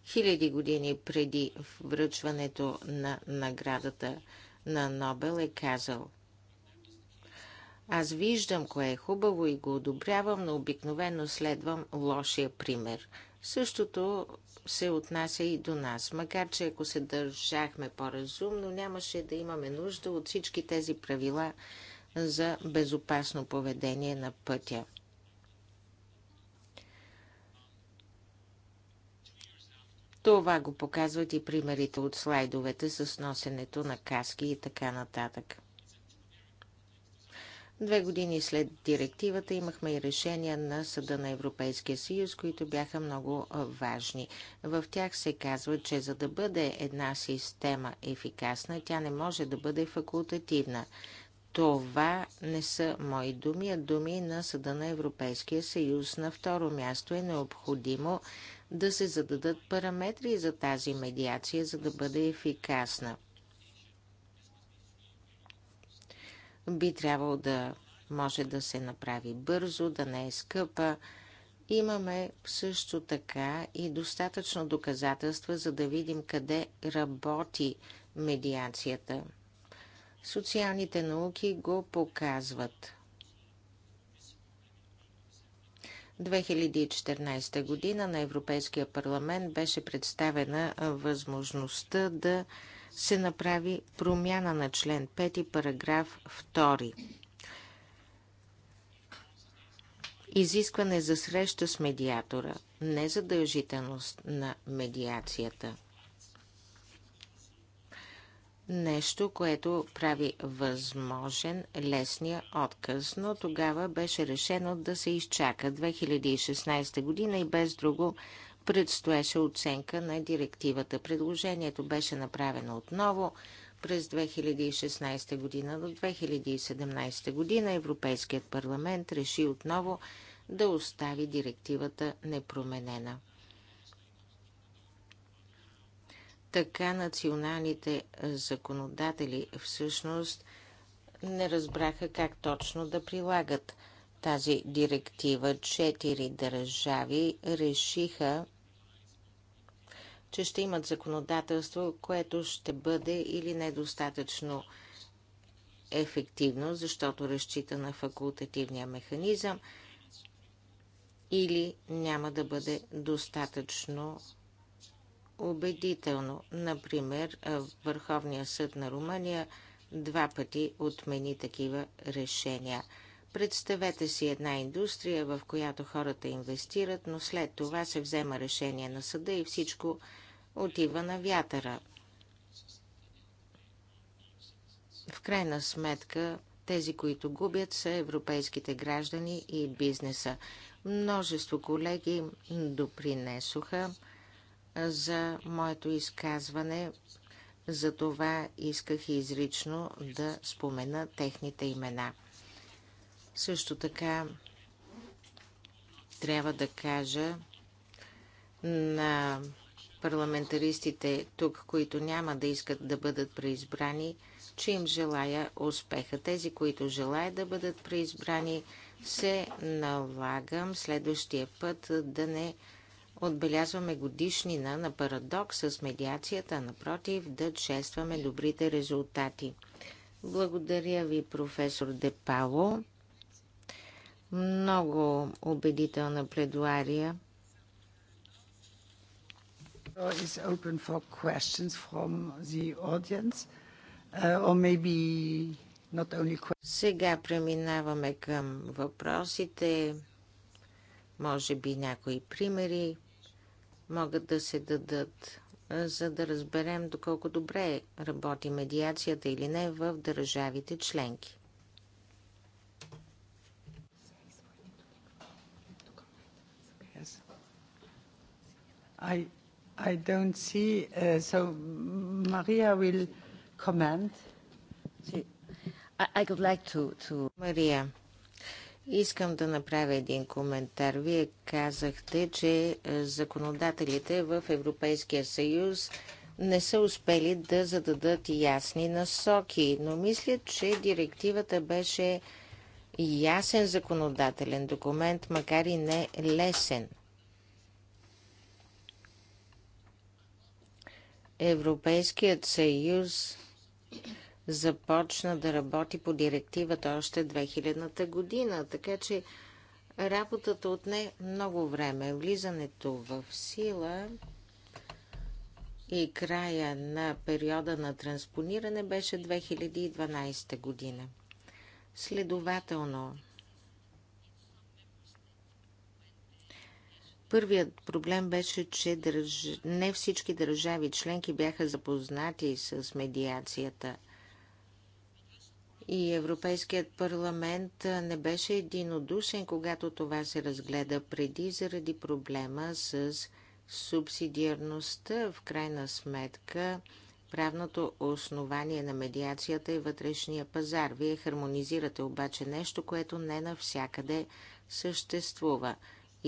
хиляди години преди връчването на наградата на Нобел е казал аз виждам кое е хубаво и го одобрявам, но обикновено следвам лошия пример. Същото се отнася и до нас, макар че ако се държахме по-разумно, нямаше да имаме нужда от всички тези правила за безопасно поведение на пътя. Това го показват и примерите от слайдовете с носенето на каски и така нататък. Две години след директивата имахме и решения на Съда на Европейския съюз, които бяха много важни. В тях се казва, че за да бъде една система ефикасна, тя не може да бъде факултативна. Това не са мои думи, а думи на Съда на Европейския съюз. На второ място е необходимо да се зададат параметри за тази медиация, за да бъде ефикасна. би трябвало да може да се направи бързо, да не е скъпа. Имаме също така и достатъчно доказателства, за да видим къде работи медиацията. Социалните науки го показват. 2014 година на Европейския парламент беше представена възможността да се направи промяна на член 5, параграф 2. Изискване за среща с медиатора, незадължителност на медиацията. Нещо, което прави възможен лесния отказ, но тогава беше решено да се изчака 2016 година и без друго предстоеше оценка на директивата. Предложението беше направено отново през 2016 година до 2017 година. Европейският парламент реши отново да остави директивата непроменена. Така националните законодатели всъщност не разбраха как точно да прилагат тази директива. Четири държави решиха че ще имат законодателство, което ще бъде или недостатъчно ефективно, защото разчита на факултативния механизъм, или няма да бъде достатъчно убедително. Например, Върховния съд на Румъния два пъти отмени такива решения – Представете си една индустрия, в която хората инвестират, но след това се взема решение на съда и всичко отива на вятъра. В крайна сметка, тези, които губят, са европейските граждани и бизнеса. Множество колеги допринесоха за моето изказване. За това исках изрично да спомена техните имена. Също така трябва да кажа на парламентаристите тук, които няма да искат да бъдат преизбрани, че им желая успеха. Тези, които желаят да бъдат преизбрани, се налагам следващия път да не отбелязваме годишнина на парадокс с медиацията, напротив, да честваме добрите резултати. Благодаря ви, професор Депало много убедителна пледуария. Is open for questions from the audience, uh, or maybe not only questions. Сега преминаваме към въпросите. Може би някои примери могат да се дадат за да разберем доколко добре работи медиацията или не в държавите членки. I, don't see. Uh, so Maria will comment. Maria, искам да направя един коментар. Вие казахте, че е, законодателите в Европейския съюз не са успели да зададат ясни насоки, но мисля, че директивата беше ясен законодателен документ, макар и не лесен. Европейският съюз започна да работи по директивата още 2000-та година, така че работата отне много време. Влизането в сила и края на периода на транспониране беше 2012 година. Следователно, Първият проблем беше, че държ... не всички държави членки бяха запознати с медиацията. И Европейският парламент не беше единодушен, когато това се разгледа преди, заради проблема с субсидиарността. В крайна сметка, правното основание на медиацията е вътрешния пазар. Вие хармонизирате обаче нещо, което не навсякъде съществува.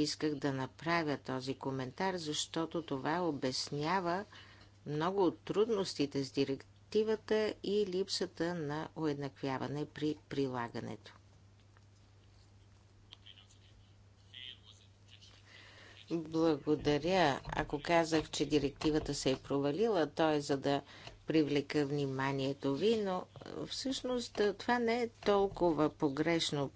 Исках да направя този коментар, защото това обяснява много от трудностите с директивата и липсата на уеднаквяване при прилагането. Благодаря. Ако казах, че директивата се е провалила, то е за да привлека вниманието ви, но всъщност това не е толкова погрешно.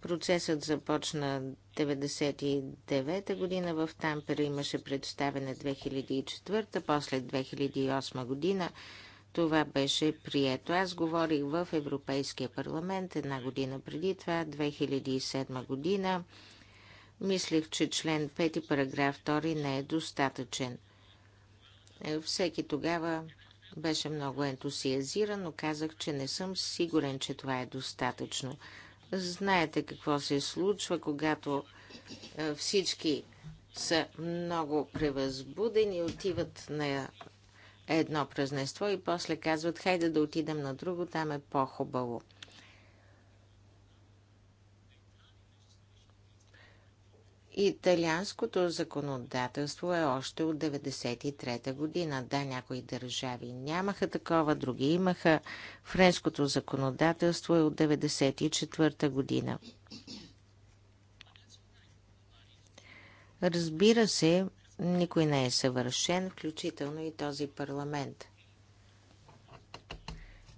Процесът започна 99-та година в тампера имаше представена 2004, после 2008 година това беше прието. Аз говорих в Европейския парламент една година преди това, 2007 година. Мислех, че член 5, параграф 2 не е достатъчен. Е, всеки тогава беше много ентусиазиран, но казах, че не съм сигурен, че това е достатъчно. Знаете какво се случва, когато е, всички са много превъзбудени, отиват на едно празнество, и после казват, хайде да отидем на друго, там е по-хубаво. Италианското законодателство е още от 1993 година. Да, някои държави нямаха такова, други имаха. Френското законодателство е от 1994 година. Разбира се, никой не е съвършен, включително и този парламент.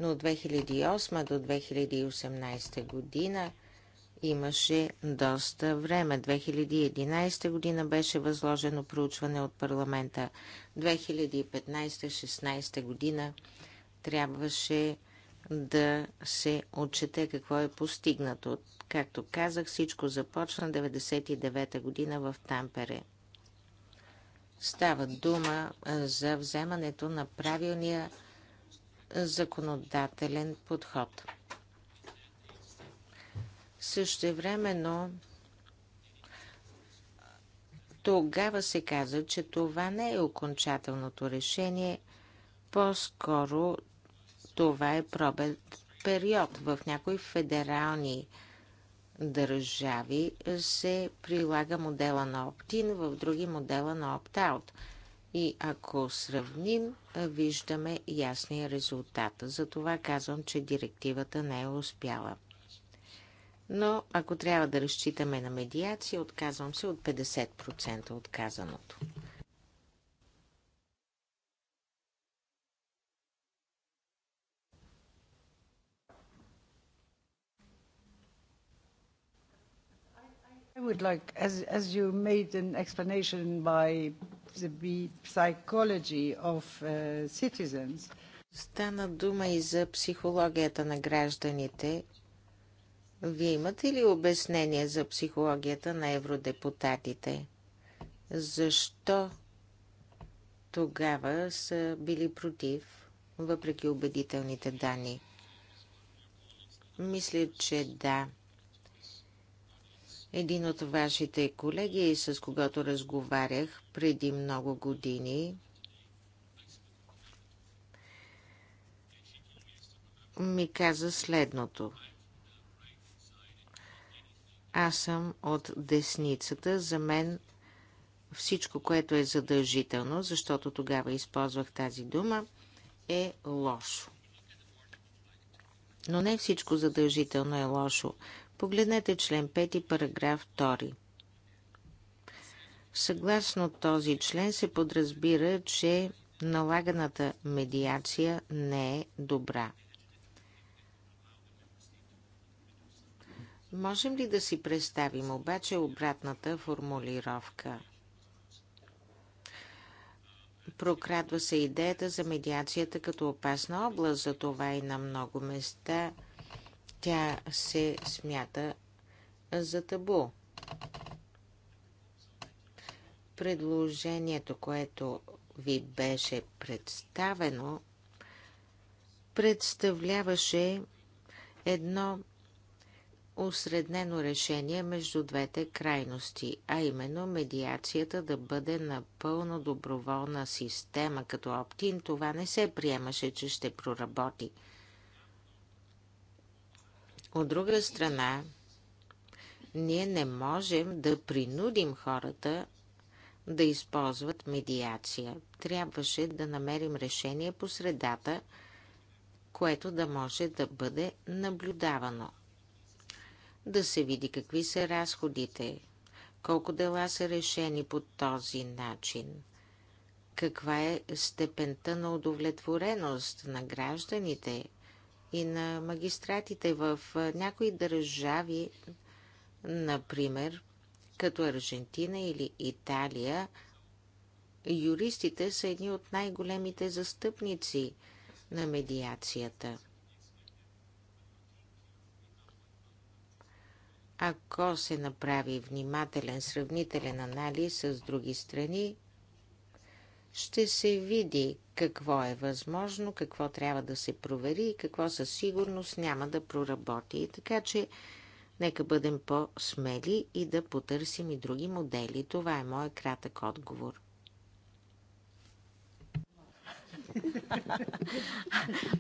Но от 2008 до 2018 година имаше доста време. 2011 година беше възложено проучване от парламента. 2015-16 година трябваше да се отчете какво е постигнато. Както казах, всичко започна 1999 година в Тампере. Става дума за вземането на правилния законодателен подход. Същевременно тогава се каза, че това не е окончателното решение, по-скоро това е пробен период. В някои федерални държави се прилага модела на оптин, в други модела на опт-аут. И ако сравним, виждаме ясния резултат. Затова казвам, че директивата не е успяла но ако трябва да разчитаме на медиация, отказвам се от 50% отказаното. I would like, as, as you made an explanation by the psychology of uh, citizens. Стана дума и за психологията на гражданите. Вие имате ли обяснение за психологията на евродепутатите? Защо тогава са били против, въпреки убедителните данни? Мисля, че да. Един от вашите колеги, с когото разговарях преди много години, ми каза следното – аз съм от десницата. За мен всичко, което е задължително, защото тогава използвах тази дума, е лошо. Но не всичко задължително е лошо. Погледнете член 5, параграф 2. Съгласно този член се подразбира, че налаганата медиация не е добра. Можем ли да си представим обаче обратната формулировка? Прокрадва се идеята за медиацията като опасна област, за това и на много места тя се смята за табу. Предложението, което ви беше представено, представляваше едно усреднено решение между двете крайности, а именно медиацията да бъде напълно доброволна система като оптин, това не се приемаше, че ще проработи. От друга страна, ние не можем да принудим хората да използват медиация. Трябваше да намерим решение по средата, което да може да бъде наблюдавано да се види какви са разходите, колко дела са решени по този начин, каква е степента на удовлетвореност на гражданите и на магистратите в някои държави, например, като Аржентина или Италия, юристите са едни от най-големите застъпници на медиацията – Ако се направи внимателен сравнителен анализ с други страни, ще се види какво е възможно, какво трябва да се провери и какво със сигурност няма да проработи. Така че нека бъдем по-смели и да потърсим и други модели. Това е моят кратък отговор.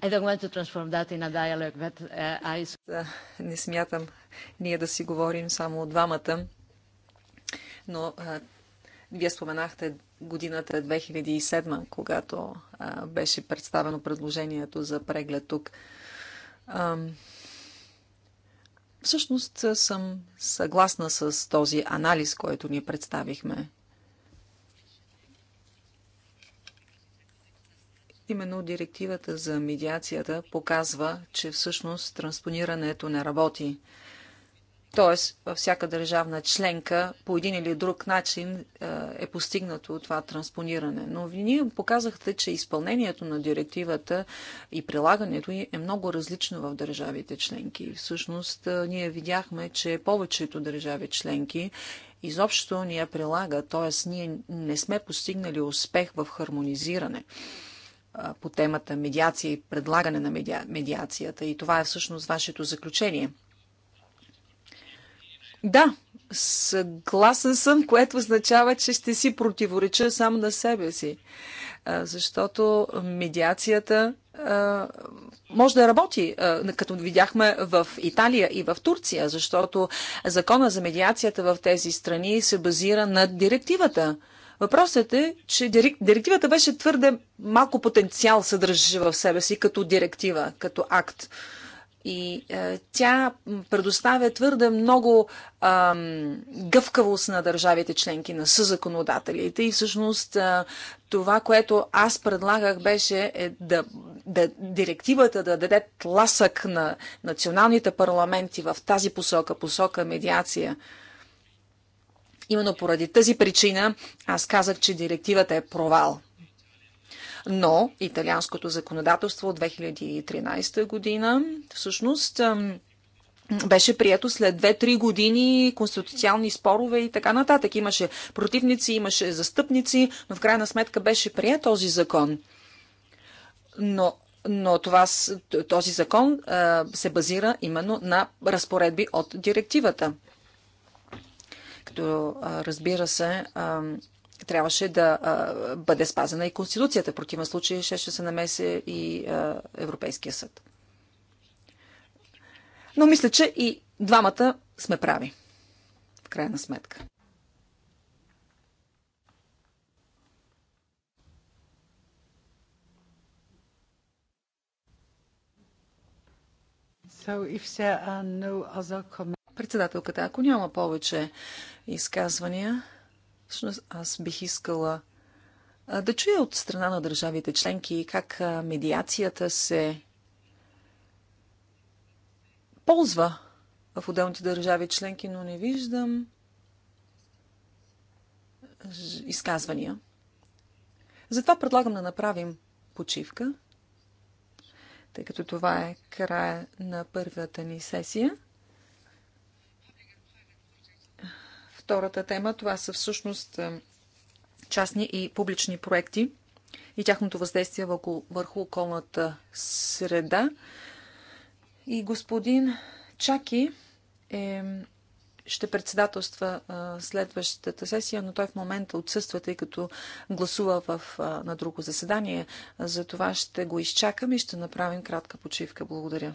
I don't want to transform that in a dialogue, but uh, I... Не смятам ние да си говорим само двамата, но а, вие споменахте годината 2007, когато а, беше представено предложението за преглед тук. А, всъщност съм съгласна с този анализ, който ние представихме Именно директивата за медиацията показва, че всъщност транспонирането не работи. Тоест, във всяка държавна членка по един или друг начин е, е постигнато това транспониране. Но ние показахте, че изпълнението на директивата и прилагането й е много различно в държавите членки. Всъщност, е, ние видяхме, че повечето държави членки изобщо ни я прилага, т.е. ние не сме постигнали успех в хармонизиране по темата медиация и предлагане на медиа, медиацията. И това е всъщност вашето заключение. Да, съгласен съм, което означава, че ще си противореча сам на себе си. Защото медиацията може да работи, като видяхме в Италия и в Турция, защото закона за медиацията в тези страни се базира на директивата. Въпросът е, че директивата беше твърде малко потенциал съдържаше в себе си като директива, като акт. И е, тя предоставя твърде много е, гъвкавост на държавите членки, на съзаконодателите. И всъщност е, това, което аз предлагах, беше е да, да директивата да даде тласък на националните парламенти в тази посока, посока медиация. Именно поради тази причина аз казах, че директивата е провал. Но италианското законодателство от 2013 година всъщност беше прието след 2-3 години конституционни спорове и така нататък. Имаше противници, имаше застъпници, но в крайна сметка беше прият този закон. Но, но това, този закон се базира именно на разпоредби от директивата. Като разбира се, трябваше да бъде спазена и Конституцията. В противен случай ще, се намеси и Европейския съд. Но мисля, че и двамата сме прави. В крайна сметка. So if there are no other comments... Председателката, ако няма повече изказвания, всъщност аз бих искала да чуя от страна на държавите членки как медиацията се ползва в отделните държави членки, но не виждам изказвания. Затова предлагам да направим почивка, тъй като това е края на първата ни сесия. Втората тема това са всъщност частни и публични проекти и тяхното въздействие върху, върху околната среда. И господин Чаки е, ще председателства а, следващата сесия, но той в момента отсъства, тъй като гласува в, а, на друго заседание. За това ще го изчакам и ще направим кратка почивка. Благодаря.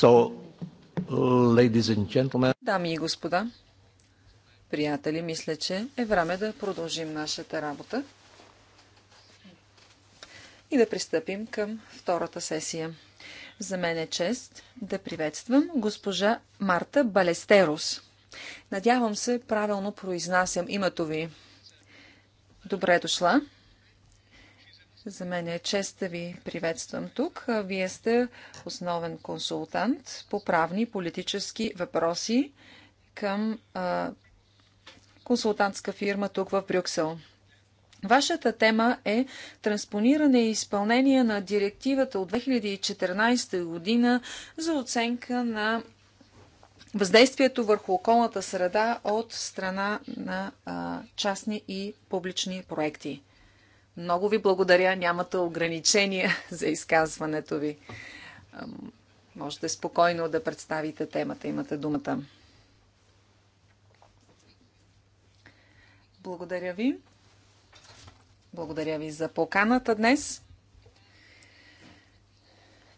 So, uh, ladies and gentlemen... Дами и господа, приятели, мисля, че е време да продължим нашата работа и да пристъпим към втората сесия. За мен е чест да приветствам госпожа Марта Балестерос. Надявам се, правилно произнасям името ви. Добре дошла. За мен е чест да ви приветствам тук. Вие сте основен консултант по правни политически въпроси към а, консултантска фирма тук в Брюксел. Вашата тема е транспониране и изпълнение на директивата от 2014 година за оценка на въздействието върху околната среда от страна на а, частни и публични проекти. Много ви благодаря. Нямате ограничения за изказването ви. Можете спокойно да представите темата. Имате думата. Благодаря ви. Благодаря ви за поканата днес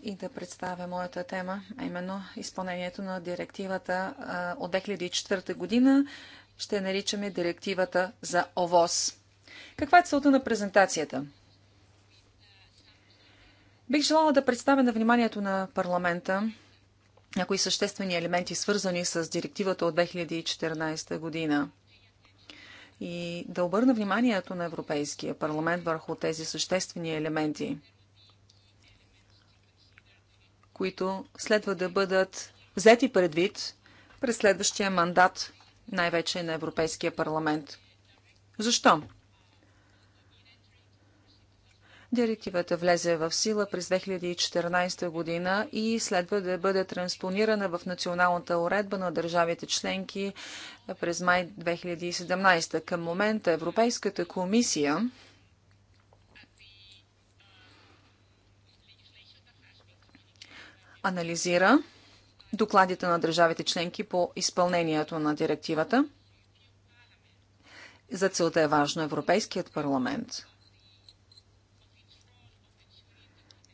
и да представя моята тема, а именно изпълнението на директивата от 2004 година. Ще наричаме директивата за ОВОз. Каква е целта на презентацията? Бих желала да представя на вниманието на парламента някои съществени елементи, свързани с директивата от 2014 година. И да обърна вниманието на Европейския парламент върху тези съществени елементи, които следва да бъдат взети предвид през следващия мандат, най-вече на Европейския парламент. Защо? Директивата влезе в сила през 2014 година и следва да бъде транспонирана в националната уредба на държавите членки през май 2017. Към момента Европейската комисия анализира докладите на държавите членки по изпълнението на директивата. За целта е важно Европейският парламент –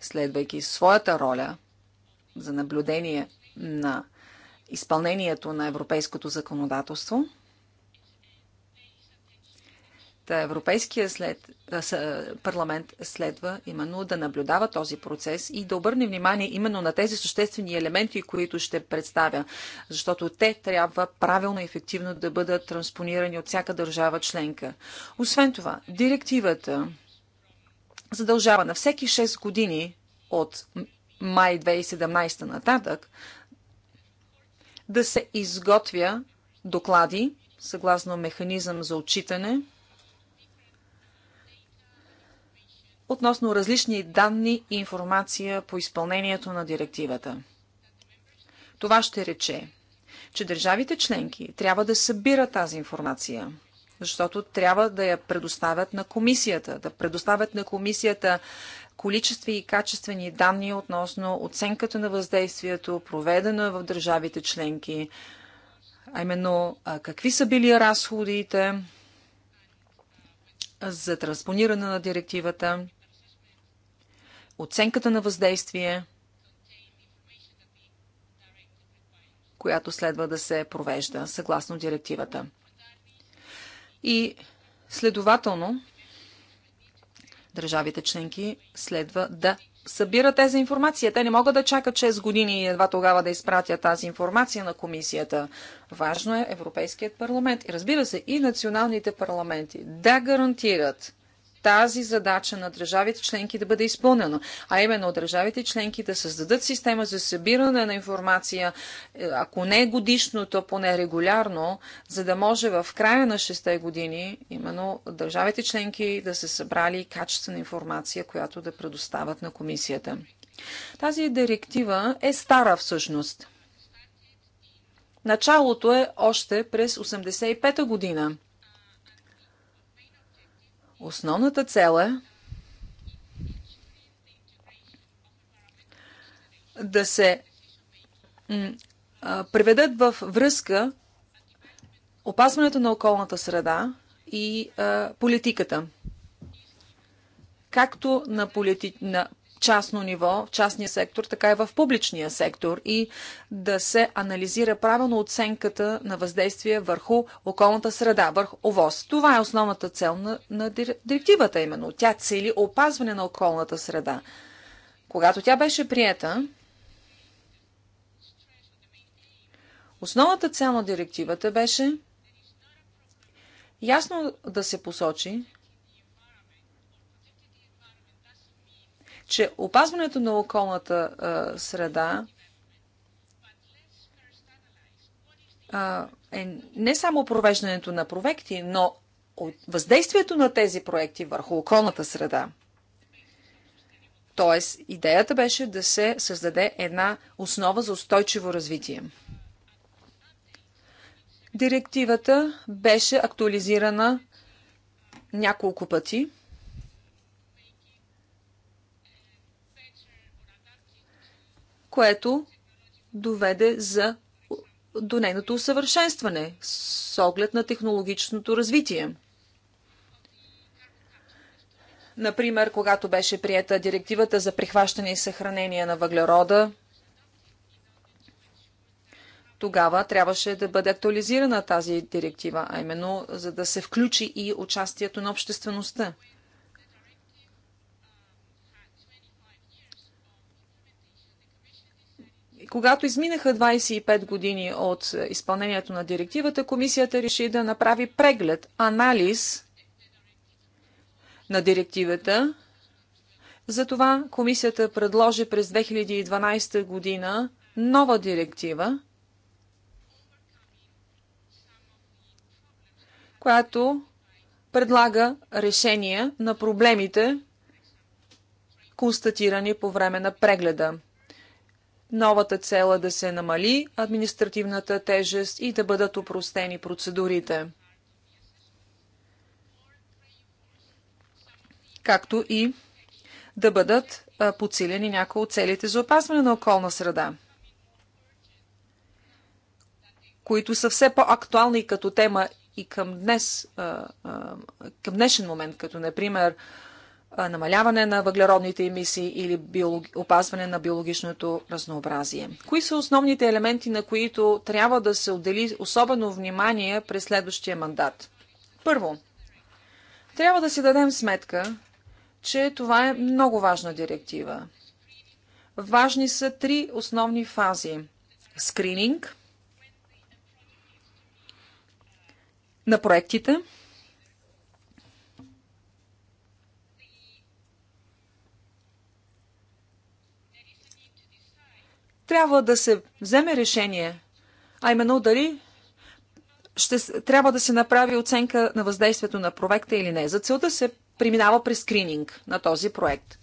следвайки своята роля за наблюдение на изпълнението на европейското законодателство. Та Европейския след, парламент следва именно да наблюдава този процес и да обърне внимание именно на тези съществени елементи, които ще представя, защото те трябва правилно и ефективно да бъдат транспонирани от всяка държава членка. Освен това, директивата задължава на всеки 6 години от май 2017 нататък да се изготвя доклади съгласно механизъм за отчитане относно различни данни и информация по изпълнението на директивата. Това ще рече, че държавите членки трябва да събират тази информация – защото трябва да я предоставят на комисията, да предоставят на комисията количестви и качествени данни относно оценката на въздействието, проведено в държавите членки, а именно какви са били разходите за транспониране на директивата, оценката на въздействие, която следва да се провежда съгласно директивата. И следователно, държавите членки следва да събират тези информация. Те не могат да чакат 6 години и едва тогава да изпратят тази информация на комисията. Важно е Европейският парламент и разбира се и националните парламенти да гарантират тази задача на държавите членки да бъде изпълнена, а именно държавите членки да създадат система за събиране на информация, е, ако не годишно, то поне регулярно, за да може в края на 6 години именно държавите членки да са събрали качествена информация, която да предоставят на комисията. Тази директива е стара всъщност. Началото е още през 85-та година – Основната цел е да се преведат в връзка опазването на околната среда и политиката. Както на, полити... на частно ниво, в частния сектор, така и в публичния сектор и да се анализира правилно оценката на въздействие върху околната среда, върху ОВОз. Това е основната цел на, на директивата именно. Тя цели опазване на околната среда. Когато тя беше приета, основната цел на директивата беше ясно да се посочи, че опазването на околната а, среда а, е не само провеждането на проекти, но от въздействието на тези проекти върху околната среда. Тоест, идеята беше да се създаде една основа за устойчиво развитие. Директивата беше актуализирана няколко пъти – което доведе за, до нейното усъвършенстване с оглед на технологичното развитие. Например, когато беше приета директивата за прихващане и съхранение на въглерода, тогава трябваше да бъде актуализирана тази директива, а именно за да се включи и участието на обществеността. когато изминаха 25 години от изпълнението на директивата, комисията реши да направи преглед, анализ на директивата. Затова комисията предложи през 2012 година нова директива, която предлага решения на проблемите, констатирани по време на прегледа. Новата цел е да се намали административната тежест и да бъдат упростени процедурите. Както и да бъдат подсилени някои от целите за опазване на околна среда, които са все по-актуални като тема и към днес, към днешен момент, като например намаляване на въглеродните емисии или биолог... опазване на биологичното разнообразие. Кои са основните елементи, на които трябва да се отдели особено внимание през следващия мандат? Първо, трябва да си дадем сметка, че това е много важна директива. Важни са три основни фази. Скрининг на проектите – трябва да се вземе решение, а именно дали ще, трябва да се направи оценка на въздействието на проекта или не. За целта се преминава през скрининг на този проект.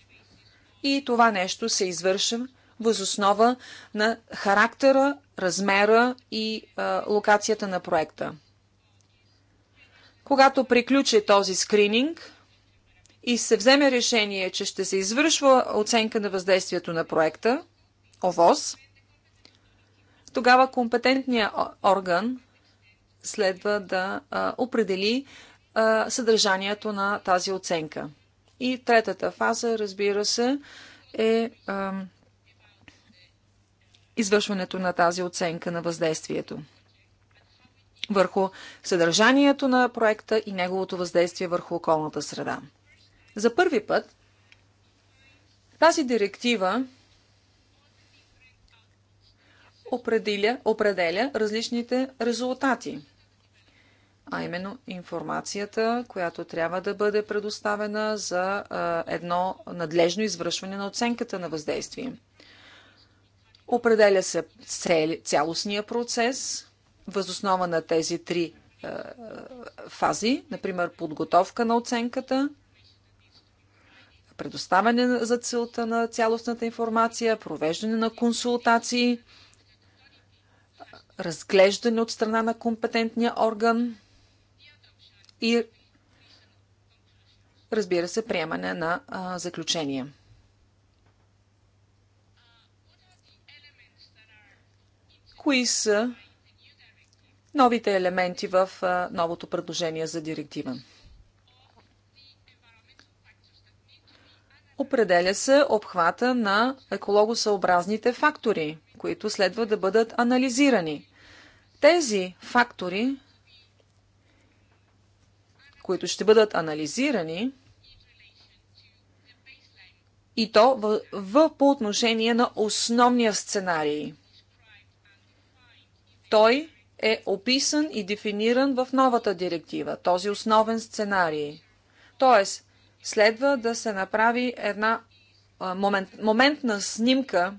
И това нещо се извършва възоснова на характера, размера и а, локацията на проекта. Когато приключи този скрининг и се вземе решение, че ще се извършва оценка на въздействието на проекта, ОВОз, тогава компетентният орган следва да определи съдържанието на тази оценка. И третата фаза, разбира се, е извършването на тази оценка на въздействието върху съдържанието на проекта и неговото въздействие върху околната среда. За първи път тази директива определя, определя различните резултати. А именно информацията, която трябва да бъде предоставена за едно надлежно извършване на оценката на въздействие. Определя се цялостния процес, възоснова на тези три фази, например подготовка на оценката, предоставяне за целта на цялостната информация, провеждане на консултации – разглеждане от страна на компетентния орган и разбира се, приемане на а, заключение. Кои са новите елементи в а, новото предложение за директива? Определя се обхвата на екологосъобразните фактори, които следва да бъдат анализирани тези фактори, които ще бъдат анализирани, и то в, в по отношение на основния сценарий. Той е описан и дефиниран в новата директива, този основен сценарий. Тоест, следва да се направи една а, момент, моментна снимка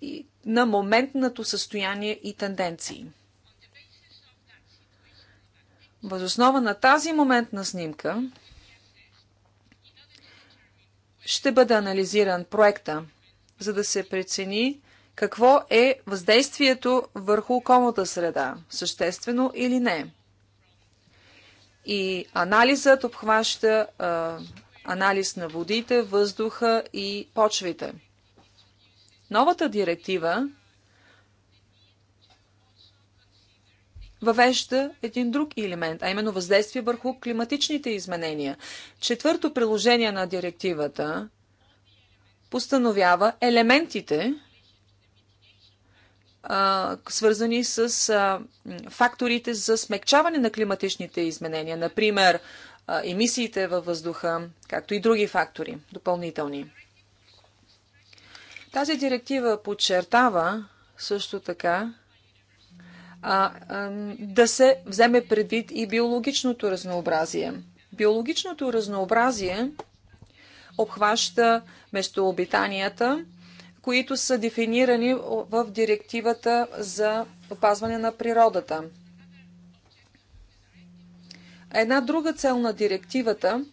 и на моментното състояние и тенденции. Възоснова на тази моментна снимка ще бъде анализиран проекта, за да се прецени какво е въздействието върху околната среда, съществено или не. И анализът обхваща а, анализ на водите, въздуха и почвите – Новата директива въвежда един друг елемент, а именно въздействие върху климатичните изменения. Четвърто приложение на директивата постановява елементите, свързани с факторите за смягчаване на климатичните изменения, например емисиите във въздуха, както и други фактори допълнителни. Тази директива подчертава също така а, а, да се вземе предвид и биологичното разнообразие. Биологичното разнообразие обхваща местообитанията, които са дефинирани в директивата за опазване на природата. Една друга цел на директивата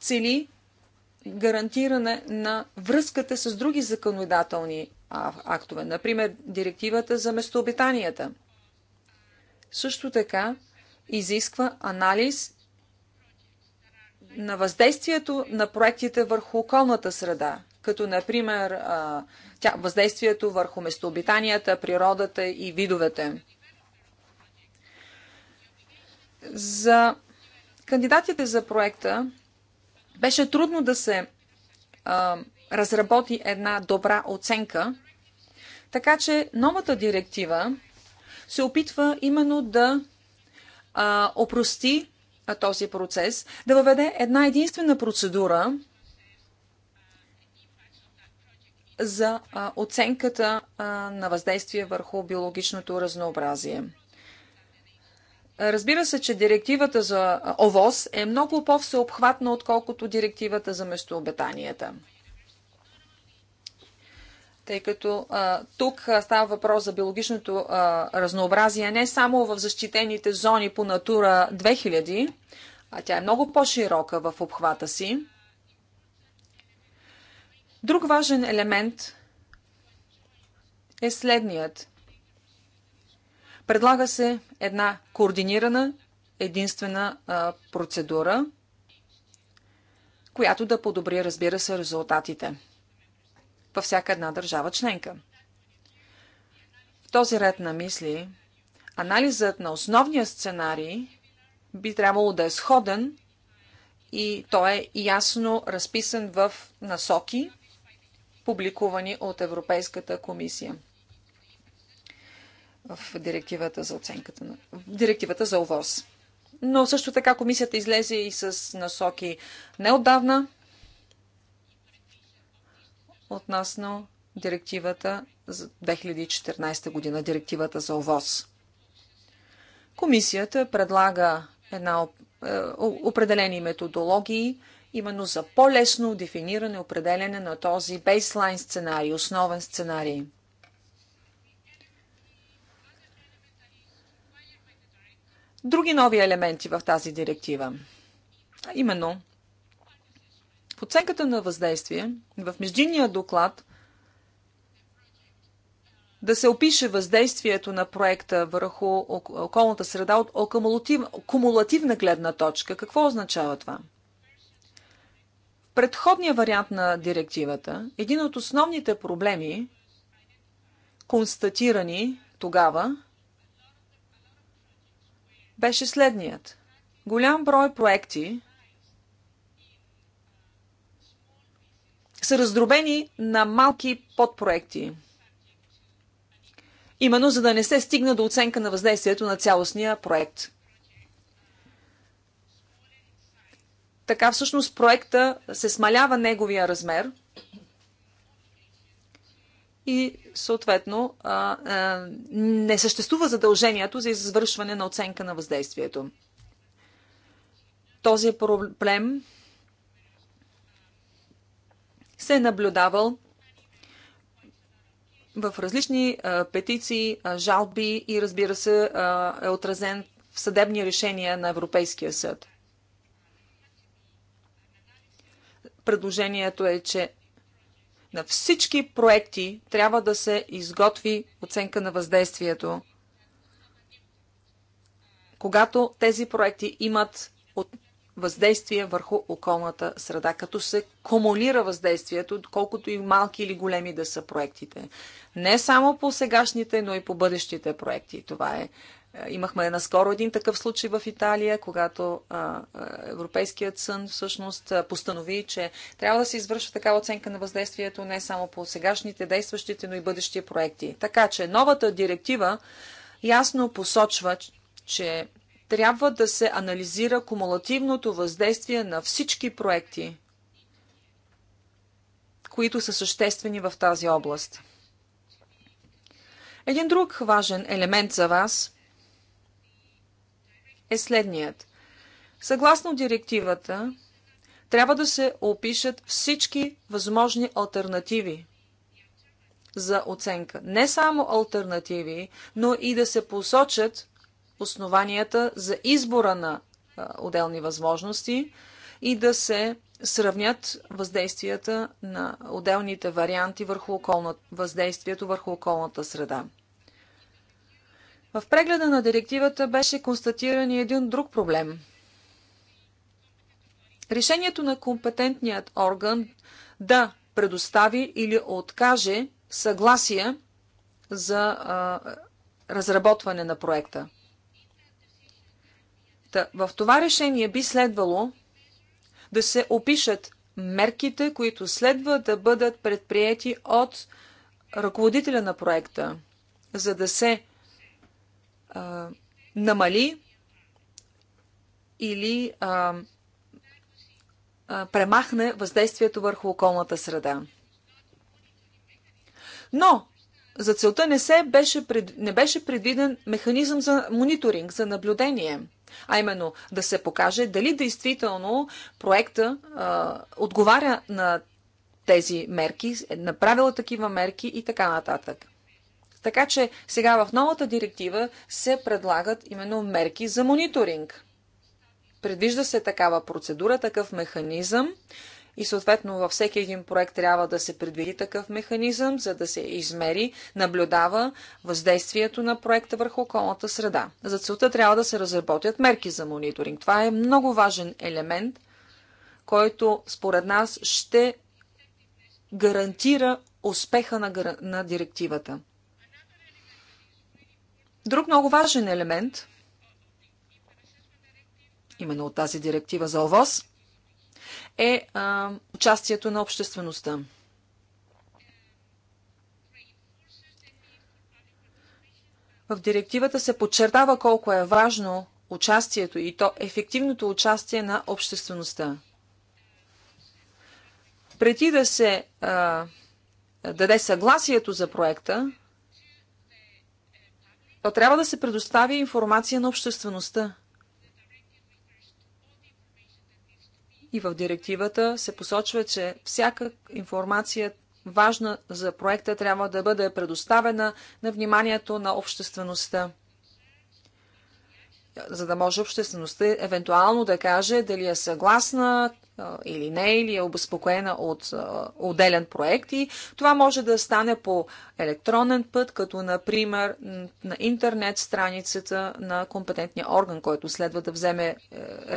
цели гарантиране на връзката с други законодателни актове, например директивата за местообитанията. Също така изисква анализ на въздействието на проектите върху околната среда, като например тя, въздействието върху местообитанията, природата и видовете. За кандидатите за проекта беше трудно да се а, разработи една добра оценка, така че новата директива се опитва именно да а, опрости а, този процес, да въведе една единствена процедура за а, оценката а, на въздействие върху биологичното разнообразие. Разбира се, че директивата за ОВОз е много по-всеобхватна, отколкото директивата за местообитанията. Тъй като а, тук става въпрос за биологичното а, разнообразие не само в защитените зони по Натура 2000, а тя е много по-широка в обхвата си. Друг важен елемент е следният. Предлага се една координирана единствена а, процедура, която да подобри, разбира се, резултатите във всяка една държава членка. В този ред на мисли, анализът на основния сценарий би трябвало да е сходен и той е ясно разписан в насоки, публикувани от Европейската комисия в директивата за оценката на... директивата за ОВОС. Но също така комисията излезе и с насоки неотдавна относно директивата за 2014 година, директивата за ОВОС. Комисията предлага една, е, определени методологии, именно за по-лесно дефиниране, определене на този бейслайн сценарий, основен сценарий – други нови елементи в тази директива. А именно, в оценката на въздействие, в междинния доклад, да се опише въздействието на проекта върху околната среда от кумулативна гледна точка. Какво означава това? В предходния вариант на директивата, един от основните проблеми, констатирани тогава, беше следният. Голям брой проекти са раздробени на малки подпроекти. Именно за да не се стигна до оценка на въздействието на цялостния проект. Така всъщност проекта се смалява неговия размер – и съответно а, а, не съществува задължението за извършване на оценка на въздействието. Този проблем се е наблюдавал в различни а, петиции, а, жалби и разбира се а, е отразен в съдебни решения на Европейския съд. Предложението е, че на всички проекти трябва да се изготви оценка на въздействието. Когато тези проекти имат въздействие върху околната среда, като се кумулира въздействието, колкото и малки или големи да са проектите. Не само по сегашните, но и по бъдещите проекти. Това е е, имахме наскоро един такъв случай в Италия, когато Европейският сън всъщност постанови, че трябва да се извършва такава оценка на въздействието не само по сегашните, действащите, но и бъдещи проекти. Така че новата директива ясно посочва, че трябва да се анализира кумулативното въздействие на всички проекти, които са съществени в тази област. Един друг важен елемент за вас е следният. Съгласно директивата, трябва да се опишат всички възможни альтернативи за оценка. Не само альтернативи, но и да се посочат основанията за избора на отделни възможности и да се сравнят въздействията на отделните варианти върху околна, въздействието върху околната среда. В прегледа на директивата беше констатиран и един друг проблем. Решението на компетентният орган да предостави или откаже съгласие за а, разработване на проекта. Та, в това решение би следвало да се опишат мерките, които следва да бъдат предприяти от ръководителя на проекта, за да се а, намали или а, а, премахне въздействието върху околната среда. Но за целта не, се беше не беше предвиден механизъм за мониторинг, за наблюдение, а именно да се покаже дали действително проекта а, отговаря на тези мерки, е направила такива мерки и така нататък. Така че сега в новата директива се предлагат именно мерки за мониторинг. Предвижда се такава процедура, такъв механизъм и съответно във всеки един проект трябва да се предвиди такъв механизъм, за да се измери, наблюдава въздействието на проекта върху околната среда. За целта трябва да се разработят мерки за мониторинг. Това е много важен елемент, който според нас ще гарантира успеха на, на директивата. Друг много важен елемент, именно от тази директива за ОВОз, е а, участието на обществеността. В директивата се подчертава колко е важно участието и то ефективното участие на обществеността. Преди да се а, даде съгласието за проекта, трябва да се предостави информация на обществеността. И в директивата се посочва, че всяка информация важна за проекта трябва да бъде предоставена на вниманието на обществеността. За да може обществеността евентуално да каже дали е съгласна или не, или е обезпокоена от отделен проект. И това може да стане по електронен път, като например на интернет страницата на компетентния орган, който следва да вземе е,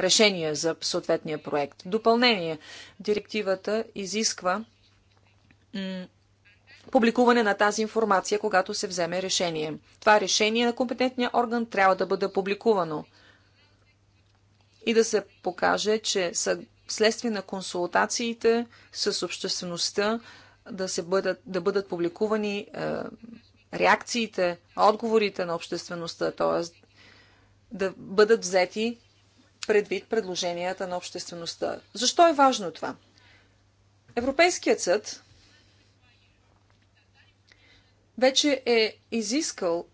решение за съответния проект. допълнение, директивата изисква публикуване на тази информация, когато се вземе решение. Това решение на компетентния орган трябва да бъде публикувано и да се покаже, че вследствие на консултациите с обществеността да, се бъдат, да бъдат публикувани е, реакциите, отговорите на обществеността, т.е. да бъдат взети предвид предложенията на обществеността. Защо е важно това? Европейският съд вече е изискал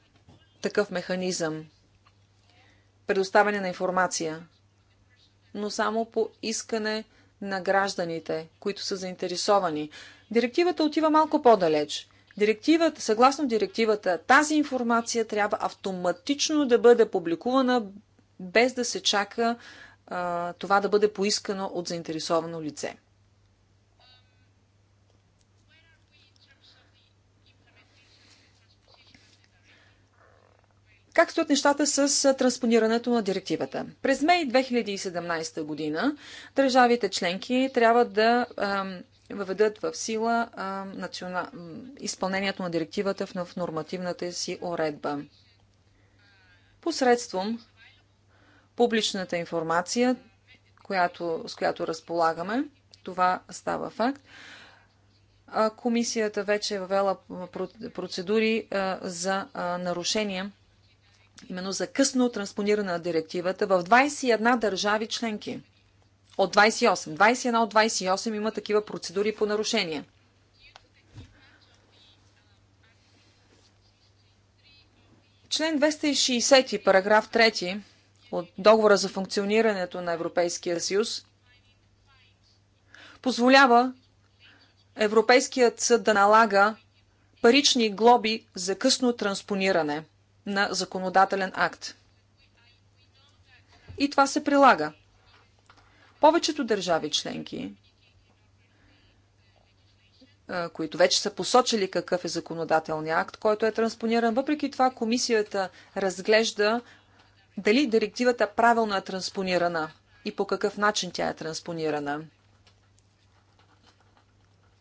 такъв механизъм предоставяне на информация но само по искане на гражданите, които са заинтересовани. Директивата отива малко по-далеч. Директивата, съгласно директивата, тази информация трябва автоматично да бъде публикувана, без да се чака а, това да бъде поискано от заинтересовано лице. Как стоят нещата с транспонирането на директивата? През май 2017 година държавите членки трябва да въведат в сила а, национа... изпълнението на директивата в нормативната си уредба. Посредством публичната информация, която, с която разполагаме, това става факт, комисията вече е въвела процедури за нарушения именно за късно транспониране на директивата в 21 държави членки. От 28. 21 от 28 има такива процедури по нарушение. Член 260, параграф 3 от Договора за функционирането на Европейския съюз позволява Европейският съд да налага парични глоби за късно транспониране – на законодателен акт. И това се прилага. Повечето държави членки, които вече са посочили какъв е законодателният акт, който е транспониран, въпреки това комисията разглежда дали директивата правилно е транспонирана и по какъв начин тя е транспонирана.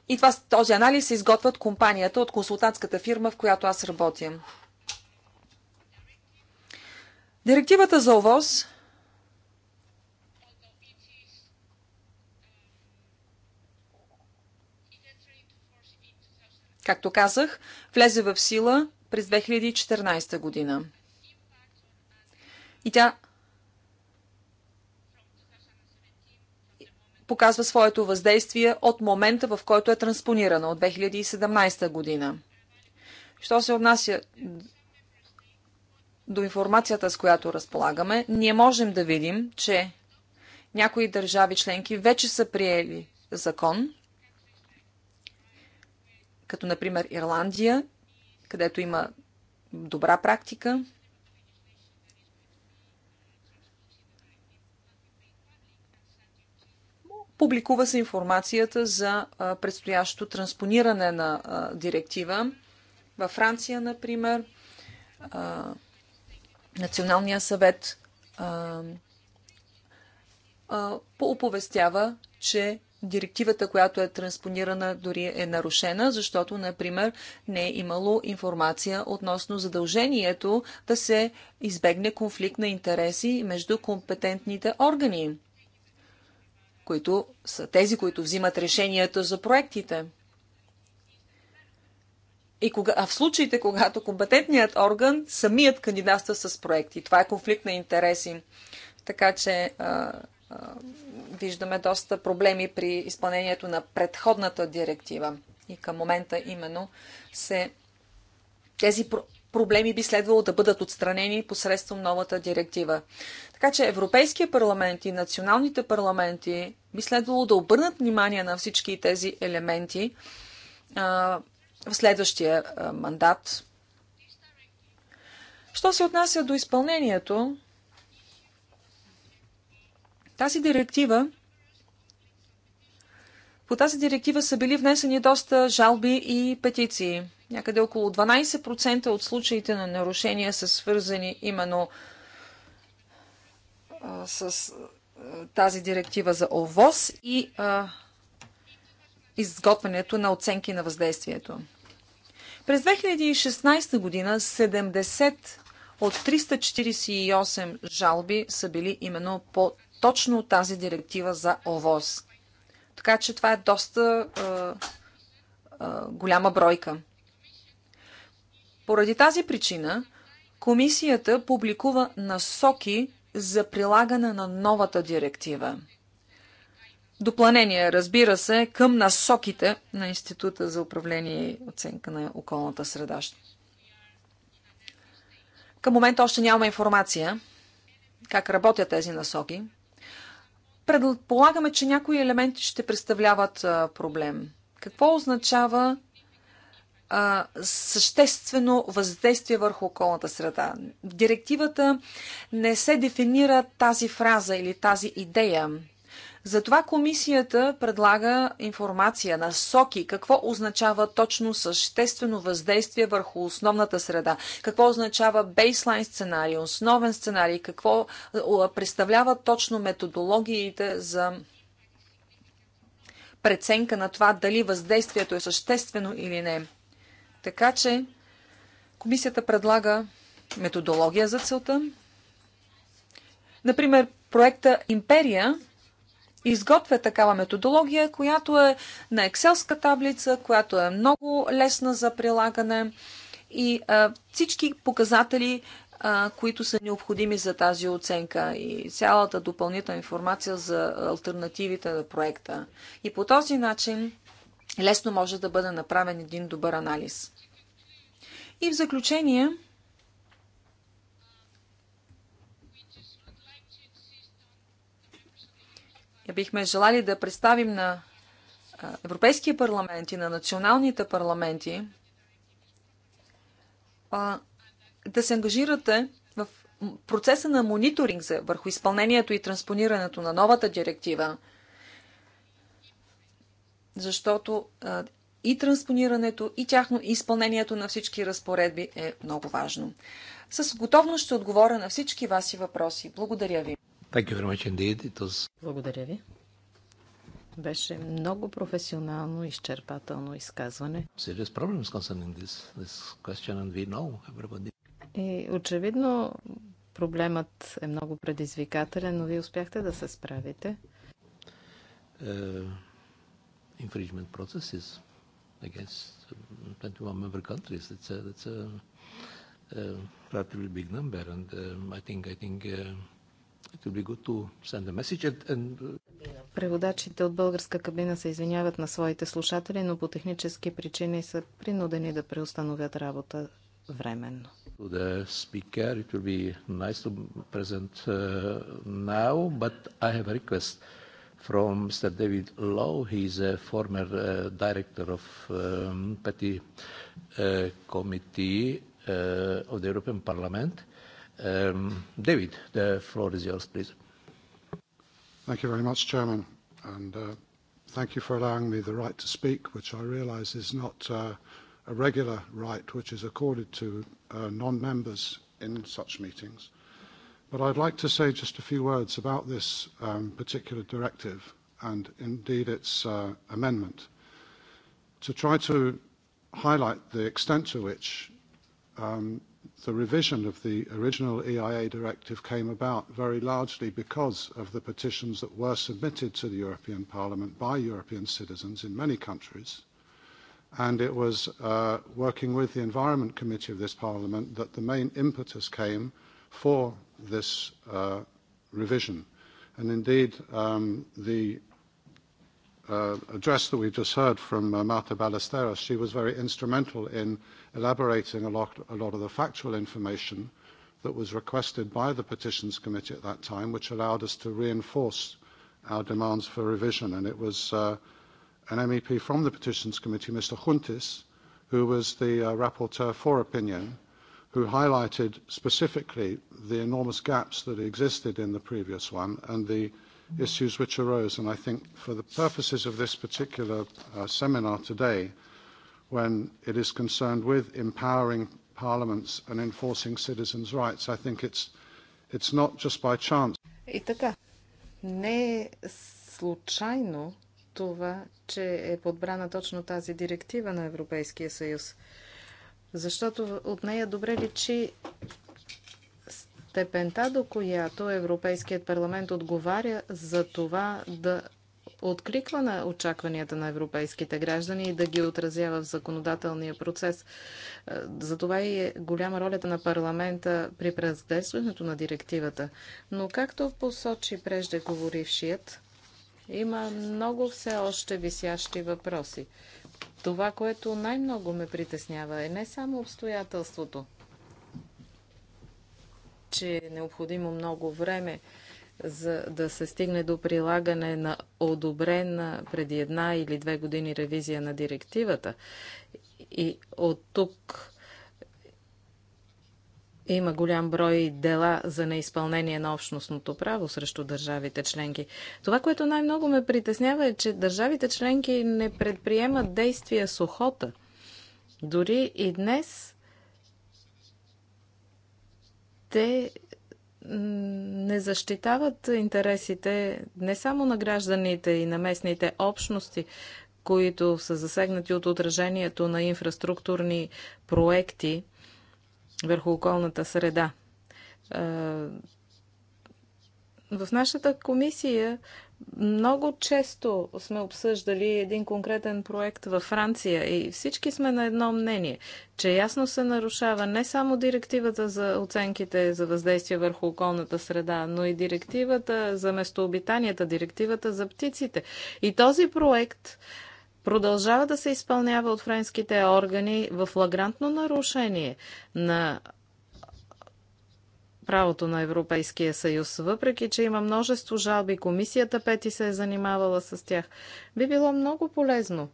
И това, този анализ се изготвят компанията от консултантската фирма, в която аз работя. Директивата за ОВОз както казах, влезе в сила през 2014 година. И тя показва своето въздействие от момента, в който е транспонирана, от 2017 година. Що се отнася до информацията, с която разполагаме, ние можем да видим, че някои държави членки вече са приели закон, като например Ирландия, където има добра практика. Публикува се информацията за предстоящото транспониране на директива. Във Франция, например, Националния съвет а, а, пооповестява, че директивата, която е транспонирана, дори е нарушена, защото, например, не е имало информация относно задължението да се избегне конфликт на интереси между компетентните органи, които са тези, които взимат решенията за проектите. И кога, а в случаите, когато компетентният орган самият кандидатства с проекти. Това е конфликт на интереси. Така че а, а, виждаме доста проблеми при изпълнението на предходната директива. И към момента именно се тези проблеми би следвало да бъдат отстранени посредством новата директива. Така че Европейския парламент и националните парламенти би следвало да обърнат внимание на всички тези елементи а, в следващия мандат. Що се отнася до изпълнението, тази директива по тази директива са били внесени доста жалби и петиции. Някъде около 12% от случаите на нарушения са свързани именно а, с а, тази директива за ОВОз и а, изготвянето на оценки на въздействието. През 2016 година 70 от 348 жалби са били именно по точно тази директива за ОВОз. Така че това е доста е, е, голяма бройка. Поради тази причина, комисията публикува насоки за прилагане на новата директива – Допланения разбира се, към насоките на Института за управление и оценка на околната среда. Към момента още няма информация как работят тези насоки. Предполагаме, че някои елементи ще представляват проблем. Какво означава а, съществено въздействие върху околната среда? В директивата не се дефинира тази фраза или тази идея. Затова комисията предлага информация, насоки, какво означава точно съществено въздействие върху основната среда, какво означава бейслайн сценарий, основен сценарий, какво представлява точно методологиите за преценка на това дали въздействието е съществено или не. Така че комисията предлага методология за целта. Например, проекта Империя – изготвя такава методология, която е на екселска таблица, която е много лесна за прилагане и а, всички показатели, а, които са необходими за тази оценка и цялата допълнителна информация за альтернативите на проекта. И по този начин лесно може да бъде направен един добър анализ. И в заключение, бихме желали да представим на Европейския парламент и на националните парламенти да се ангажирате в процеса на мониторинг за върху изпълнението и транспонирането на новата директива, защото и транспонирането, и тяхно изпълнението на всички разпоредби е много важно. С готовност ще отговоря на всички ваши въпроси. Благодаря ви. Was... Благодаря ви. Беше много професионално, изчерпателно изказване. This, this И очевидно проблемът е много предизвикателен, но вие успяхте да се справите. Uh, infringement processes against 21 uh, member countries. It's a, a uh, relatively big number, and uh, I think I think uh, Uh, Преводачите от българска кабина се извиняват на своите слушатели, но по технически причини са принудени да преустановят работа временно. Speaker, nice now, from Mr. David Lowe. a former uh, director of um, Petty uh, Committee uh, of the European Parliament. Uh, Um, David, the floor is yours, please. Thank you very much, Chairman, and uh, thank you for allowing me the right to speak, which I realise is not uh, a regular right which is accorded to uh, non-members in such meetings. But I'd like to say just a few words about this um, particular directive and indeed its uh, amendment to try to highlight the extent to which um, the revision of the original EIA directive came about very largely because of the petitions that were submitted to the European Parliament by European citizens in many countries. And it was uh, working with the Environment Committee of this Parliament that the main impetus came for this uh, revision. And indeed, um, the uh, address that we've just heard from uh, Marta Ballesteros, she was very instrumental in elaborating a lot, a lot of the factual information that was requested by the Petitions Committee at that time, which allowed us to reinforce our demands for revision. And it was uh, an MEP from the Petitions Committee, Mr. Juntis, who was the uh, rapporteur for opinion, who highlighted specifically the enormous gaps that existed in the previous one and the issues which arose. And I think for the purposes of this particular uh, seminar today, when it is concerned with empowering parliaments and enforcing citizens' rights, I think it's, it's not just by chance. И така, не е случайно това, че е подбрана точно тази директива на Европейския съюз. Защото от нея добре личи степента, до която Европейският парламент отговаря за това да откликва на очакванията на европейските граждани и да ги отразява в законодателния процес. Е, Затова и е голяма ролята на парламента при преразглеждането на директивата. Но както посочи преждеговорившият, има много все още висящи въпроси. Това, което най-много ме притеснява е не само обстоятелството, че е необходимо много време за да се стигне до прилагане на одобрена преди една или две години ревизия на директивата. И от тук има голям брой дела за неизпълнение на общностното право срещу държавите членки. Това, което най-много ме притеснява е, че държавите членки не предприемат действия с охота. Дори и днес те не защитават интересите не само на гражданите и на местните общности, които са засегнати от отражението на инфраструктурни проекти върху околната среда. Е, в нашата комисия много често сме обсъждали един конкретен проект във Франция и всички сме на едно мнение, че ясно се нарушава не само директивата за оценките за въздействие върху околната среда, но и директивата за местообитанията, директивата за птиците. И този проект продължава да се изпълнява от френските органи в лагрантно нарушение на правото на Европейския съюз. Въпреки, че има множество жалби, комисията пети се е занимавала с тях. Би било много полезно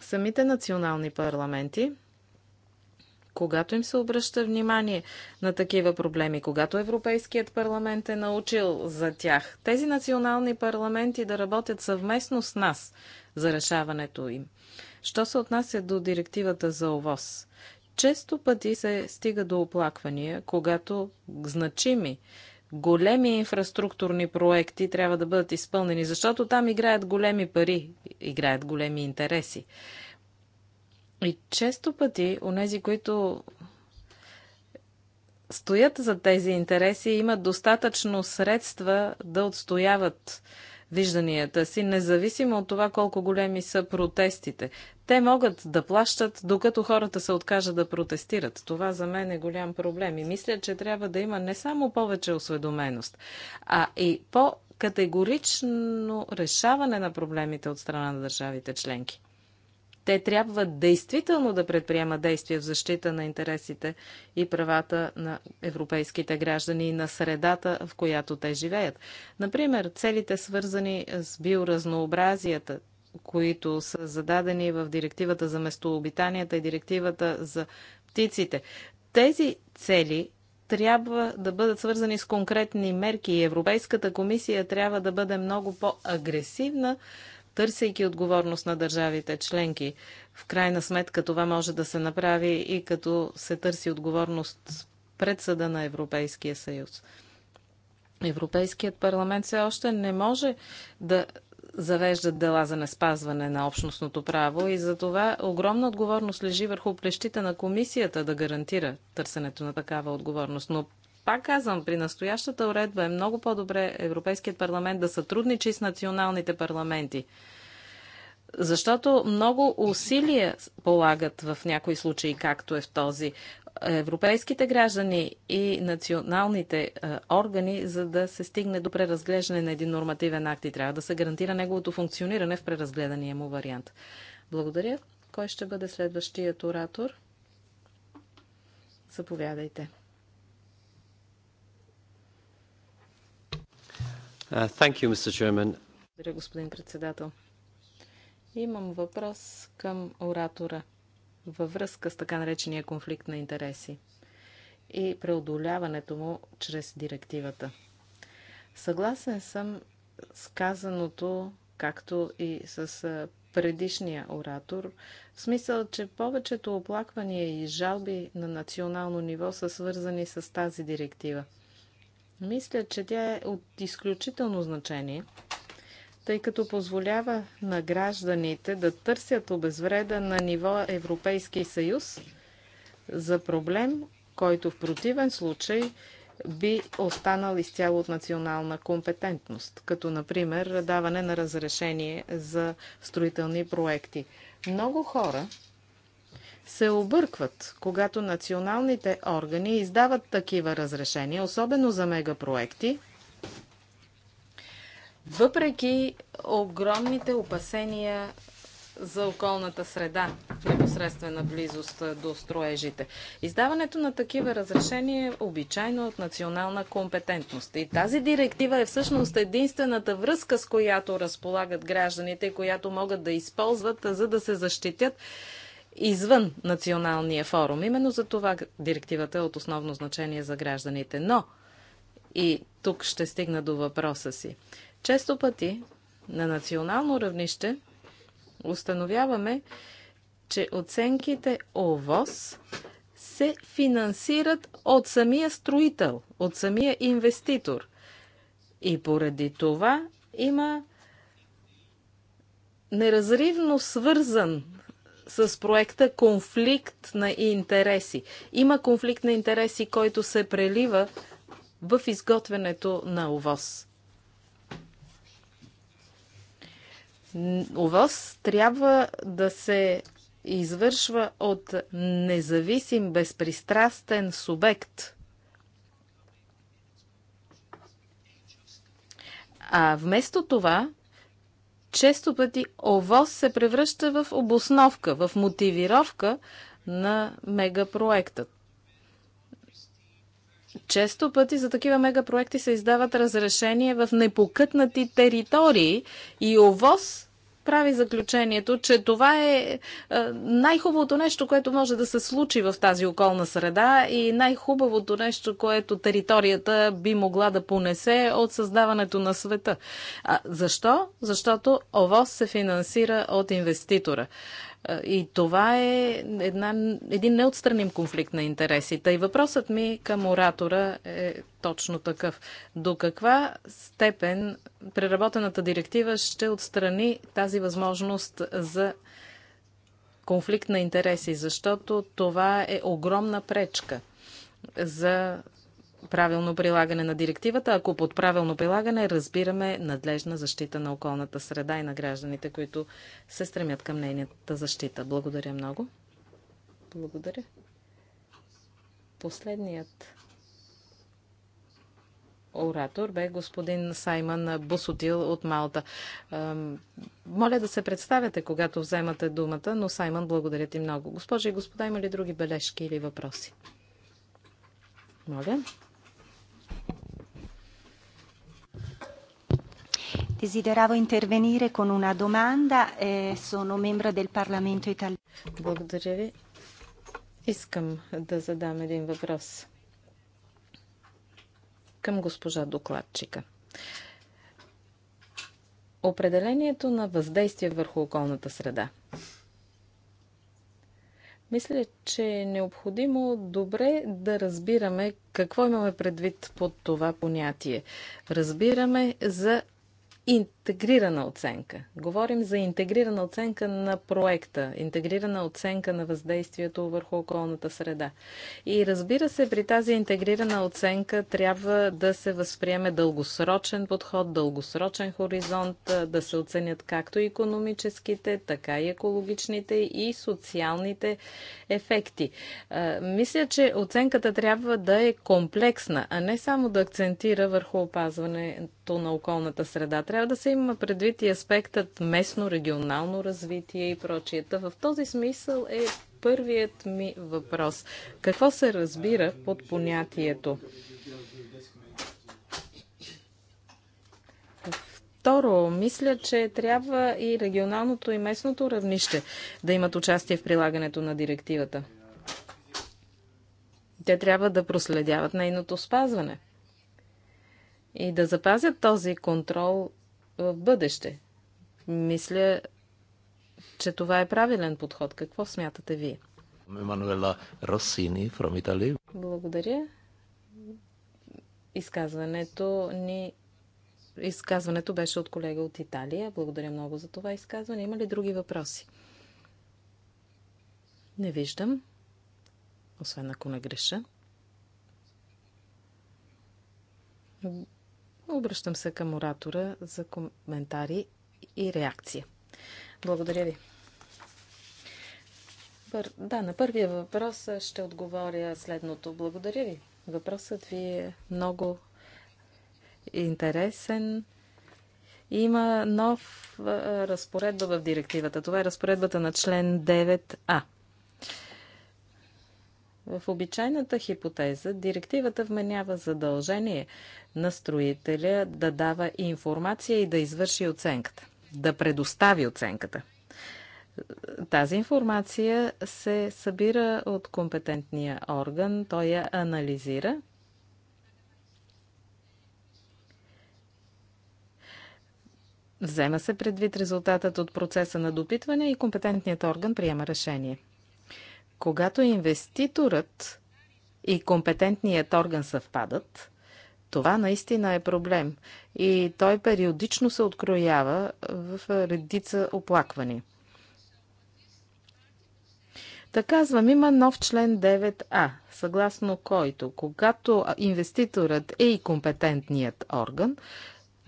самите национални парламенти, когато им се обръща внимание на такива проблеми, когато Европейският парламент е научил за тях, тези национални парламенти да работят съвместно с нас за решаването им. Що се отнася до директивата за ОВОз? Често пъти се стига до оплаквания, когато значими големи инфраструктурни проекти трябва да бъдат изпълнени, защото там играят големи пари, играят големи интереси. И често пъти, онези, които стоят за тези интереси, имат достатъчно средства да отстояват вижданията си, независимо от това колко големи са протестите. Те могат да плащат, докато хората се откажат да протестират. Това за мен е голям проблем и мисля, че трябва да има не само повече осведоменост, а и по-категорично решаване на проблемите от страна на държавите членки. Те трябва действително да предприемат действия в защита на интересите и правата на европейските граждани и на средата, в която те живеят. Например, целите свързани с биоразнообразията, които са зададени в директивата за местообитанията и директивата за птиците. Тези цели трябва да бъдат свързани с конкретни мерки и Европейската комисия трябва да бъде много по-агресивна търсейки отговорност на държавите членки. В крайна сметка това може да се направи и като се търси отговорност пред съда на Европейския съюз. Европейският парламент все още не може да завеждат дела за неспазване на общностното право и за това огромна отговорност лежи върху плещите на комисията да гарантира търсенето на такава отговорност. Но пак казвам, при настоящата уредба е много по-добре Европейският парламент да сътрудничи с националните парламенти. Защото много усилия полагат в някои случаи, както е в този, европейските граждани и националните е, органи, за да се стигне до преразглеждане на един нормативен акт и трябва да се гарантира неговото функциониране в преразгледания му вариант. Благодаря. Кой ще бъде следващият оратор? Заповядайте. Uh, Благодаря, господин председател. Имам въпрос към оратора във връзка с така наречения конфликт на интереси и преодоляването му чрез директивата. Съгласен съм с казаното, както и с предишния оратор, в смисъл, че повечето оплаквания и жалби на национално ниво са свързани с тази директива – мисля, че тя е от изключително значение, тъй като позволява на гражданите да търсят обезвреда на ниво Европейски съюз за проблем, който в противен случай би останал изцяло от национална компетентност, като например даване на разрешение за строителни проекти. Много хора се объркват, когато националните органи издават такива разрешения, особено за мегапроекти, въпреки огромните опасения за околната среда в непосредствена близост до строежите. Издаването на такива разрешения е обичайно от национална компетентност. И тази директива е всъщност единствената връзка, с която разполагат гражданите, която могат да използват, за да се защитят извън националния форум. Именно за това директивата е от основно значение за гражданите. Но, и тук ще стигна до въпроса си, често пъти на национално равнище установяваме, че оценките ОВОС се финансират от самия строител, от самия инвеститор. И поради това има неразривно свързан с проекта конфликт на интереси. Има конфликт на интереси, който се прелива в изготвянето на ОВОС. ОВОС трябва да се извършва от независим, безпристрастен субект. А вместо това често пъти ОВОС се превръща в обосновка, в мотивировка на мегапроекта. Често пъти за такива мегапроекти се издават разрешения в непокътнати територии и ОВОС прави заключението, че това е, е най-хубавото нещо, което може да се случи в тази околна среда и най-хубавото нещо, което територията би могла да понесе от създаването на света. А защо? Защото ОВОС се финансира от инвеститора. И това е една, един неотстраним конфликт на интересите. И въпросът ми към оратора е точно такъв. До каква степен преработената директива ще отстрани тази възможност за конфликт на интереси? Защото това е огромна пречка за правилно прилагане на директивата, ако под правилно прилагане разбираме надлежна защита на околната среда и на гражданите, които се стремят към нейната защита. Благодаря много. Благодаря. Последният оратор бе господин Саймън Бусотил от Малта. Моля да се представяте, когато вземате думата, но Саймън, благодаря ти много. Госпожи и господа, има ли други бележки или въпроси? Моля. Desideravo intervenire con una domanda. Eh, sono membro del Parlamento italiano. Благодаря ви. Искам да задам един въпрос към госпожа докладчика. Определението на въздействие върху околната среда. Мисля, че е необходимо добре да разбираме какво имаме предвид под това понятие. Разбираме за in интегрирана оценка. Говорим за интегрирана оценка на проекта, интегрирана оценка на въздействието върху околната среда. И разбира се, при тази интегрирана оценка трябва да се възприеме дългосрочен подход, дългосрочен хоризонт, да се оценят както економическите, така и екологичните и социалните ефекти. Мисля, че оценката трябва да е комплексна, а не само да акцентира върху опазването на околната среда. Трябва да се има предвид и аспектът местно-регионално развитие и прочията. В този смисъл е първият ми въпрос. Какво се разбира под понятието? Второ, мисля, че трябва и регионалното и местното равнище да имат участие в прилагането на директивата. Те трябва да проследяват нейното спазване и да запазят този контрол в бъдеще. Мисля, че това е правилен подход. Какво смятате вие? Емануела Росини from Italy. Благодаря. Изказването ни Изказването беше от колега от Италия. Благодаря много за това изказване. Има ли други въпроси? Не виждам. Освен ако не греша. Обръщам се към оратора за коментари и реакция. Благодаря ви. Да, на първия въпрос ще отговоря следното. Благодаря ви. Въпросът ви е много интересен. Има нов разпоредба в директивата. Това е разпоредбата на член 9а. В обичайната хипотеза директивата вменява задължение на строителя да дава информация и да извърши оценката, да предостави оценката. Тази информация се събира от компетентния орган, той я анализира Взема се предвид резултатът от процеса на допитване и компетентният орган приема решение. Когато инвеститорът и компетентният орган съвпадат, това наистина е проблем и той периодично се откроява в редица оплаквания. Та да казвам, има нов член 9а, съгласно който, когато инвеститорът е и компетентният орган,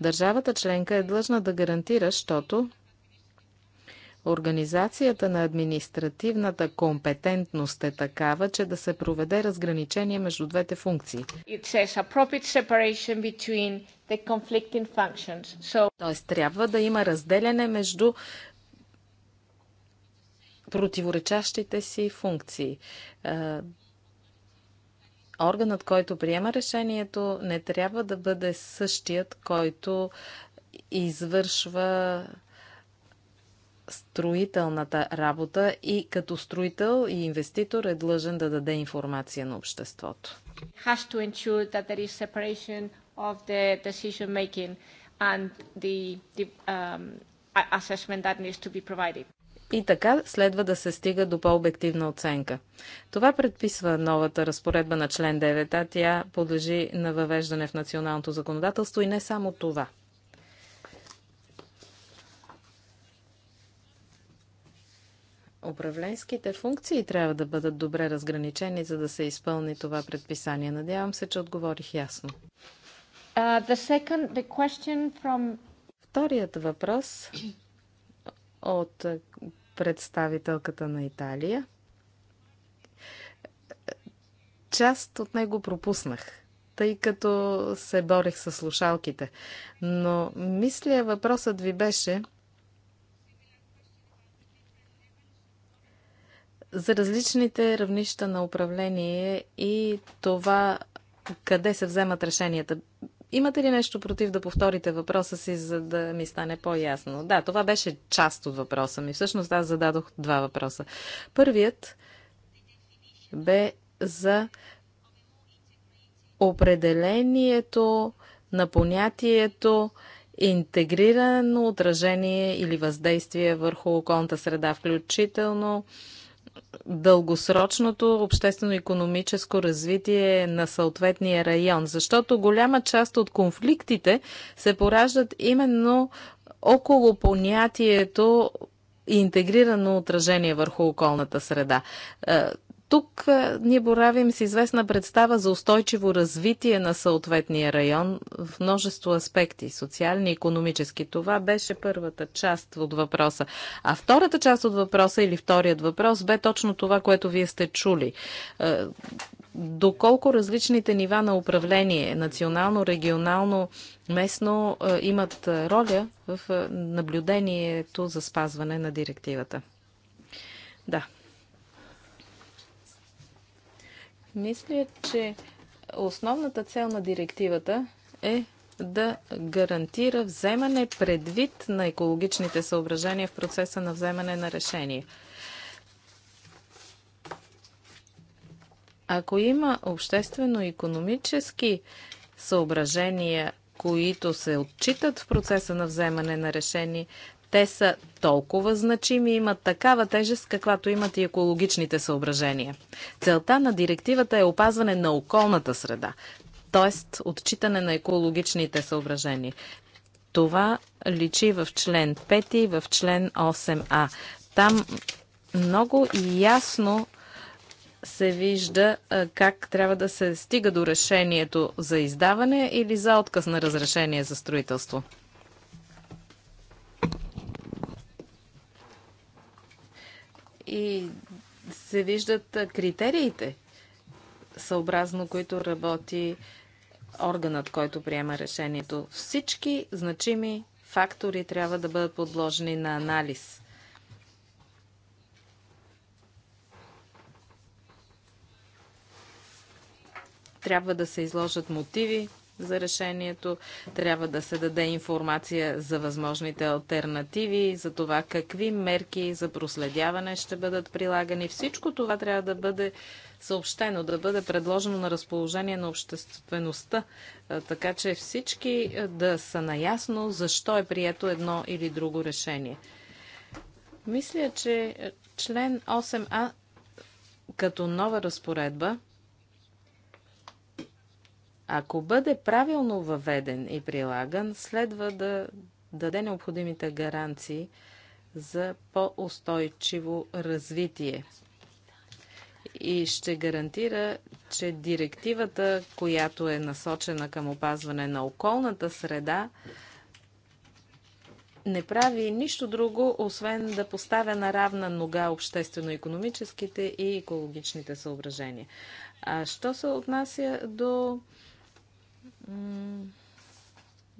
държавата членка е длъжна да гарантира, защото Организацията на административната компетентност е такава, че да се проведе разграничение между двете функции. Тоест трябва да има разделяне между противоречащите си функции. Органът, който приема решението, не трябва да бъде същият, който извършва строителната работа и като строител и инвеститор е длъжен да даде информация на обществото. The, the, um, и така следва да се стига до по-обективна оценка. Това предписва новата разпоредба на член 9, а тя подлежи на въвеждане в националното законодателство и не само това – Управленските функции трябва да бъдат добре разграничени, за да се изпълни това предписание. Надявам се, че отговорих ясно. Uh, the second, the from... Вторият въпрос от представителката на Италия. Част от него пропуснах, тъй като се борех с слушалките. Но мисля, въпросът ви беше за различните равнища на управление и това къде се вземат решенията. Имате ли нещо против да повторите въпроса си, за да ми стане по-ясно? Да, това беше част от въпроса ми. Всъщност аз зададох два въпроса. Първият бе за определението на понятието интегрирано отражение или въздействие върху околната среда, включително дългосрочното обществено-економическо развитие на съответния район, защото голяма част от конфликтите се пораждат именно около понятието интегрирано отражение върху околната среда. Е, тук е, ние боравим с известна представа за устойчиво развитие на съответния район в множество аспекти социални, економически. Това беше първата част от въпроса. А втората част от въпроса или вторият въпрос бе точно това, което вие сте чули е, доколко различните нива на управление, национално, регионално, местно, е, имат роля в наблюдението за спазване на директивата. Да, Мисля, че основната цел на директивата е да гарантира вземане предвид на екологичните съображения в процеса на вземане на решение. Ако има обществено-економически съображения, които се отчитат в процеса на вземане на решение, те са толкова значими и имат такава тежест, каквато имат и екологичните съображения. Целта на директивата е опазване на околната среда, т.е. отчитане на екологичните съображения. Това личи в член 5 и в член 8а. Там много ясно се вижда как трябва да се стига до решението за издаване или за отказ на разрешение за строителство. и се виждат критериите, съобразно които работи органът, който приема решението. Всички значими фактори трябва да бъдат подложени на анализ. Трябва да се изложат мотиви, за решението. Трябва да се даде информация за възможните альтернативи, за това какви мерки за проследяване ще бъдат прилагани. Всичко това трябва да бъде съобщено, да бъде предложено на разположение на обществеността, така че всички да са наясно защо е прието едно или друго решение. Мисля, че член 8а като нова разпоредба ако бъде правилно въведен и прилаган, следва да даде необходимите гаранции за по-устойчиво развитие и ще гарантира, че директивата, която е насочена към опазване на околната среда, не прави нищо друго, освен да поставя на равна нога обществено-економическите и екологичните съображения. А що се отнася до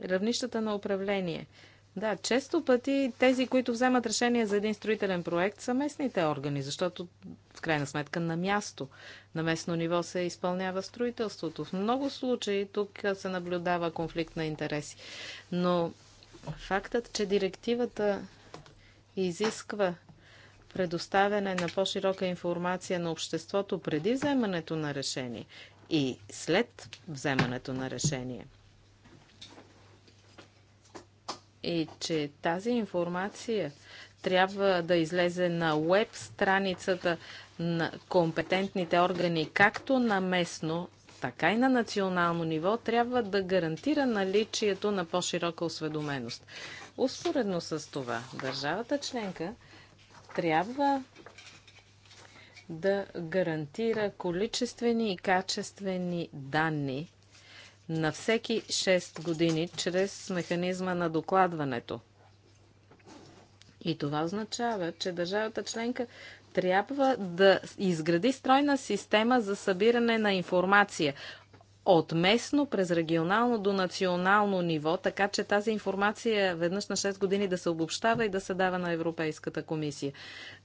равнищата на управление. Да, често пъти тези, които вземат решение за един строителен проект, са местните органи, защото в крайна сметка на място, на местно ниво се изпълнява строителството. В много случаи тук се наблюдава конфликт на интереси. Но фактът, че директивата изисква предоставяне на по-широка информация на обществото преди вземането на решение и след вземането на решение. И че тази информация трябва да излезе на веб страницата на компетентните органи, както на местно, така и на национално ниво, трябва да гарантира наличието на по-широка осведоменост. Успоредно с това, държавата членка трябва да гарантира количествени и качествени данни на всеки 6 години чрез механизма на докладването. И това означава, че държавата членка трябва да изгради стройна система за събиране на информация от местно през регионално до национално ниво, така че тази информация веднъж на 6 години да се обобщава и да се дава на Европейската комисия.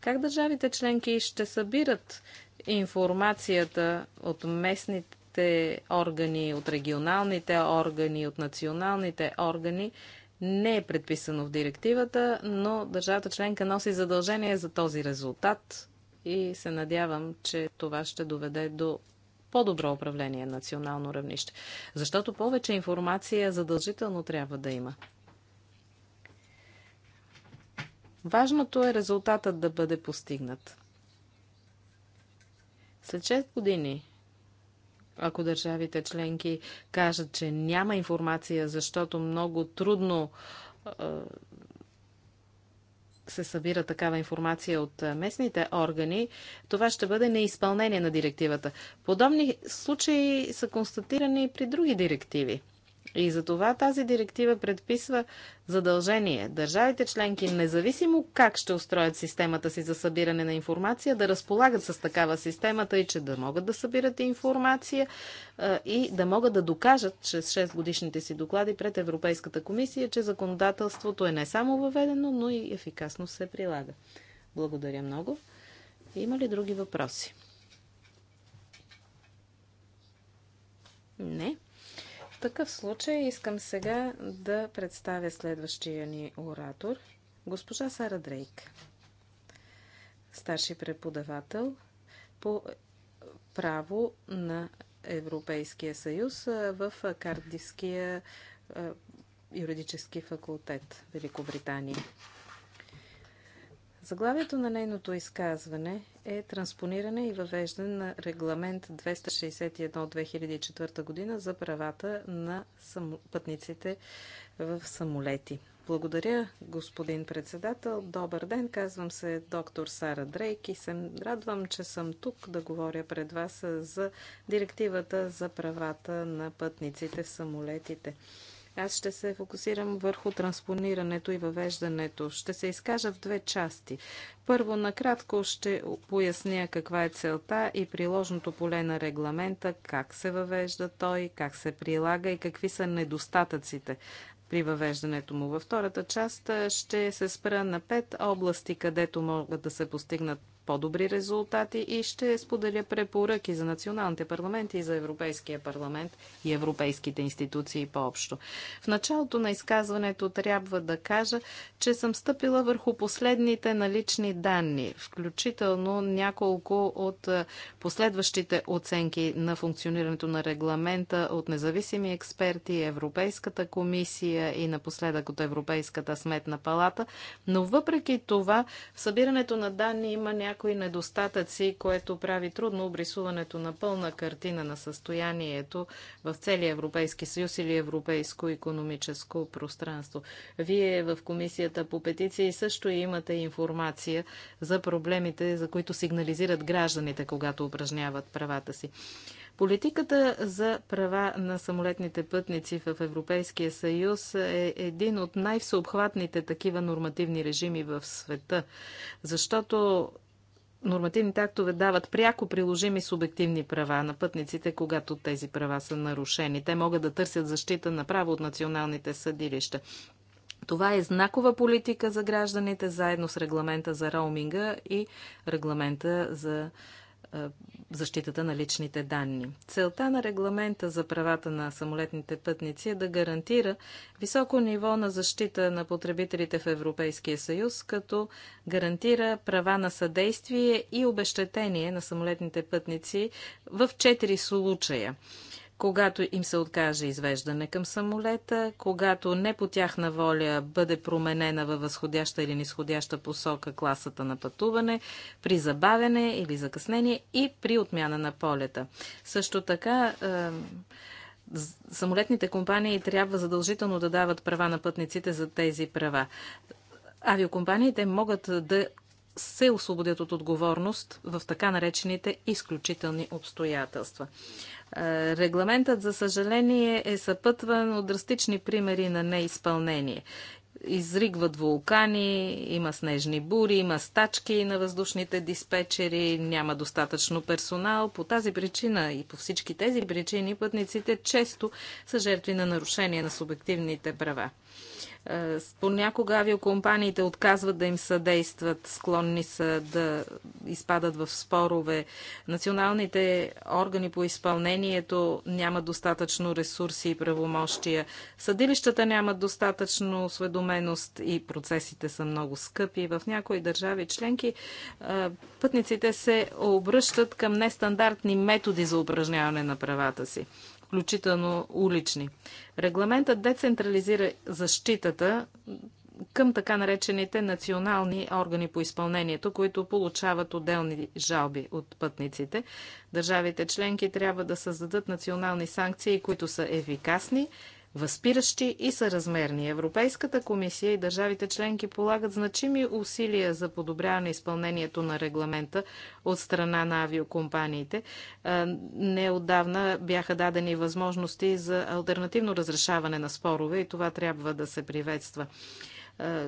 Как държавите членки ще събират информацията от местните органи, от регионалните органи, от националните органи, не е предписано в директивата, но държавата членка носи задължение за този резултат и се надявам, че това ще доведе до по-добро управление на национално равнище. Защото повече информация задължително трябва да има. Важното е резултатът да бъде постигнат. След 6 години, ако държавите членки кажат, че няма информация, защото много трудно се събира такава информация от местните органи, това ще бъде неизпълнение на директивата. Подобни случаи са констатирани и при други директиви. И за това тази директива предписва задължение държавите членки, независимо как ще устроят системата си за събиране на информация, да разполагат с такава системата и че да могат да събират информация и да могат да докажат чрез 6 годишните си доклади пред Европейската комисия, че законодателството е не само въведено, но и ефикасно се прилага. Благодаря много. Има ли други въпроси? Не такъв случай искам сега да представя следващия ни оратор, госпожа Сара Дрейк, старши преподавател по право на Европейския съюз в Кардивския юридически факултет Великобритания. Заглавието на нейното изказване е транспониране и въвеждане на регламент 261 от 2004 година за правата на пътниците в самолети. Благодаря, господин председател. Добър ден, казвам се доктор Сара Дрейк и се радвам, че съм тук да говоря пред вас за директивата за правата на пътниците в самолетите. Аз ще се фокусирам върху транспонирането и въвеждането. Ще се изкажа в две части. Първо, накратко ще поясня каква е целта и приложното поле на регламента, как се въвежда той, как се прилага и какви са недостатъците при въвеждането му. Във втората част ще се спра на пет области, където могат да се постигнат по-добри резултати и ще споделя препоръки за националните парламенти и за Европейския парламент и европейските институции по-общо. В началото на изказването трябва да кажа, че съм стъпила върху последните налични данни, включително няколко от е, последващите оценки на функционирането на регламента от независими експерти, Европейската комисия и напоследък от Европейската сметна палата, но въпреки това в събирането на данни има някакъв някои недостатъци, което прави трудно обрисуването на пълна картина на състоянието в целия Европейски съюз или Европейско економическо пространство. Вие в Комисията по петиции също имате информация за проблемите, за които сигнализират гражданите, когато упражняват правата си. Политиката за права на самолетните пътници в Европейския съюз е един от най-всеобхватните такива нормативни режими в света, защото нормативните актове дават пряко приложими субективни права на пътниците, когато тези права са нарушени. Те могат да търсят защита на право от националните съдилища. Това е знакова политика за гражданите, заедно с регламента за роуминга и регламента за е, защитата на личните данни. Целта на регламента за правата на самолетните пътници е да гарантира високо ниво на защита на потребителите в Европейския съюз, като гарантира права на съдействие и обещетение на самолетните пътници в четири случая когато им се откаже извеждане към самолета, когато не по тяхна воля бъде променена във възходяща или нисходяща посока класата на пътуване, при забавяне или закъснение и при отмяна на полета. Също така, самолетните компании трябва задължително да дават права на пътниците за тези права. Авиокомпаниите могат да се освободят от отговорност в така наречените изключителни обстоятелства. Е, регламентът, за съжаление, е съпътван от драстични примери на неизпълнение. Изригват вулкани, има снежни бури, има стачки на въздушните диспетчери, няма достатъчно персонал. По тази причина и по всички тези причини пътниците често са жертви на нарушение на субективните права. Е, понякога авиокомпаниите отказват да им съдействат, склонни са да изпадат в спорове. Националните органи по изпълнението нямат достатъчно ресурси и правомощия. Съдилищата нямат достатъчно осведоменост и процесите са много скъпи. В някои държави членки е, пътниците се обръщат към нестандартни методи за упражняване на правата си включително улични. Регламентът децентрализира защитата към така наречените национални органи по изпълнението, които получават отделни жалби от пътниците. Държавите членки трябва да създадат национални санкции, които са ефикасни, възпиращи и съразмерни. Европейската комисия и държавите членки полагат значими усилия за подобряване изпълнението на регламента от страна на авиокомпаниите. Неодавна бяха дадени възможности за альтернативно разрешаване на спорове и това трябва да се приветства. Е,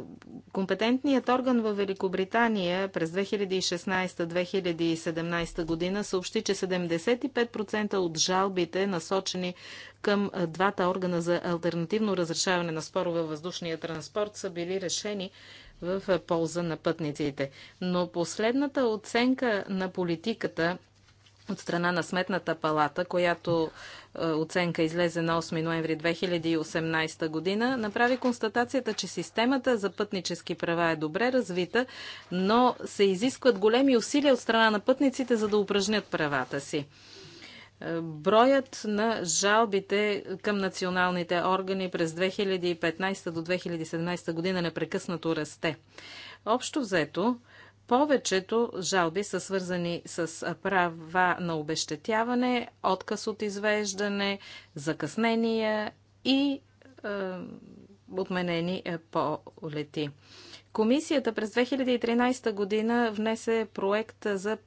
компетентният орган във Великобритания през 2016-2017 година съобщи, че 75% от жалбите насочени към е, двата органа за альтернативно разрешаване на спорове във въздушния транспорт са били решени в е, полза на пътниците. Но последната оценка на политиката от страна на Сметната палата, която е, оценка излезе на 8 ноември 2018 година, направи констатацията, че системата за пътнически права е добре развита, но се изискват големи усилия от страна на пътниците, за да упражнят правата си. Е, броят на жалбите към националните органи през 2015 до 2017 година непрекъснато расте. Общо взето, повечето жалби са свързани с права на обещетяване, отказ от извеждане, закъснения и е, отменени полети. Комисията през 2013 година внесе проект за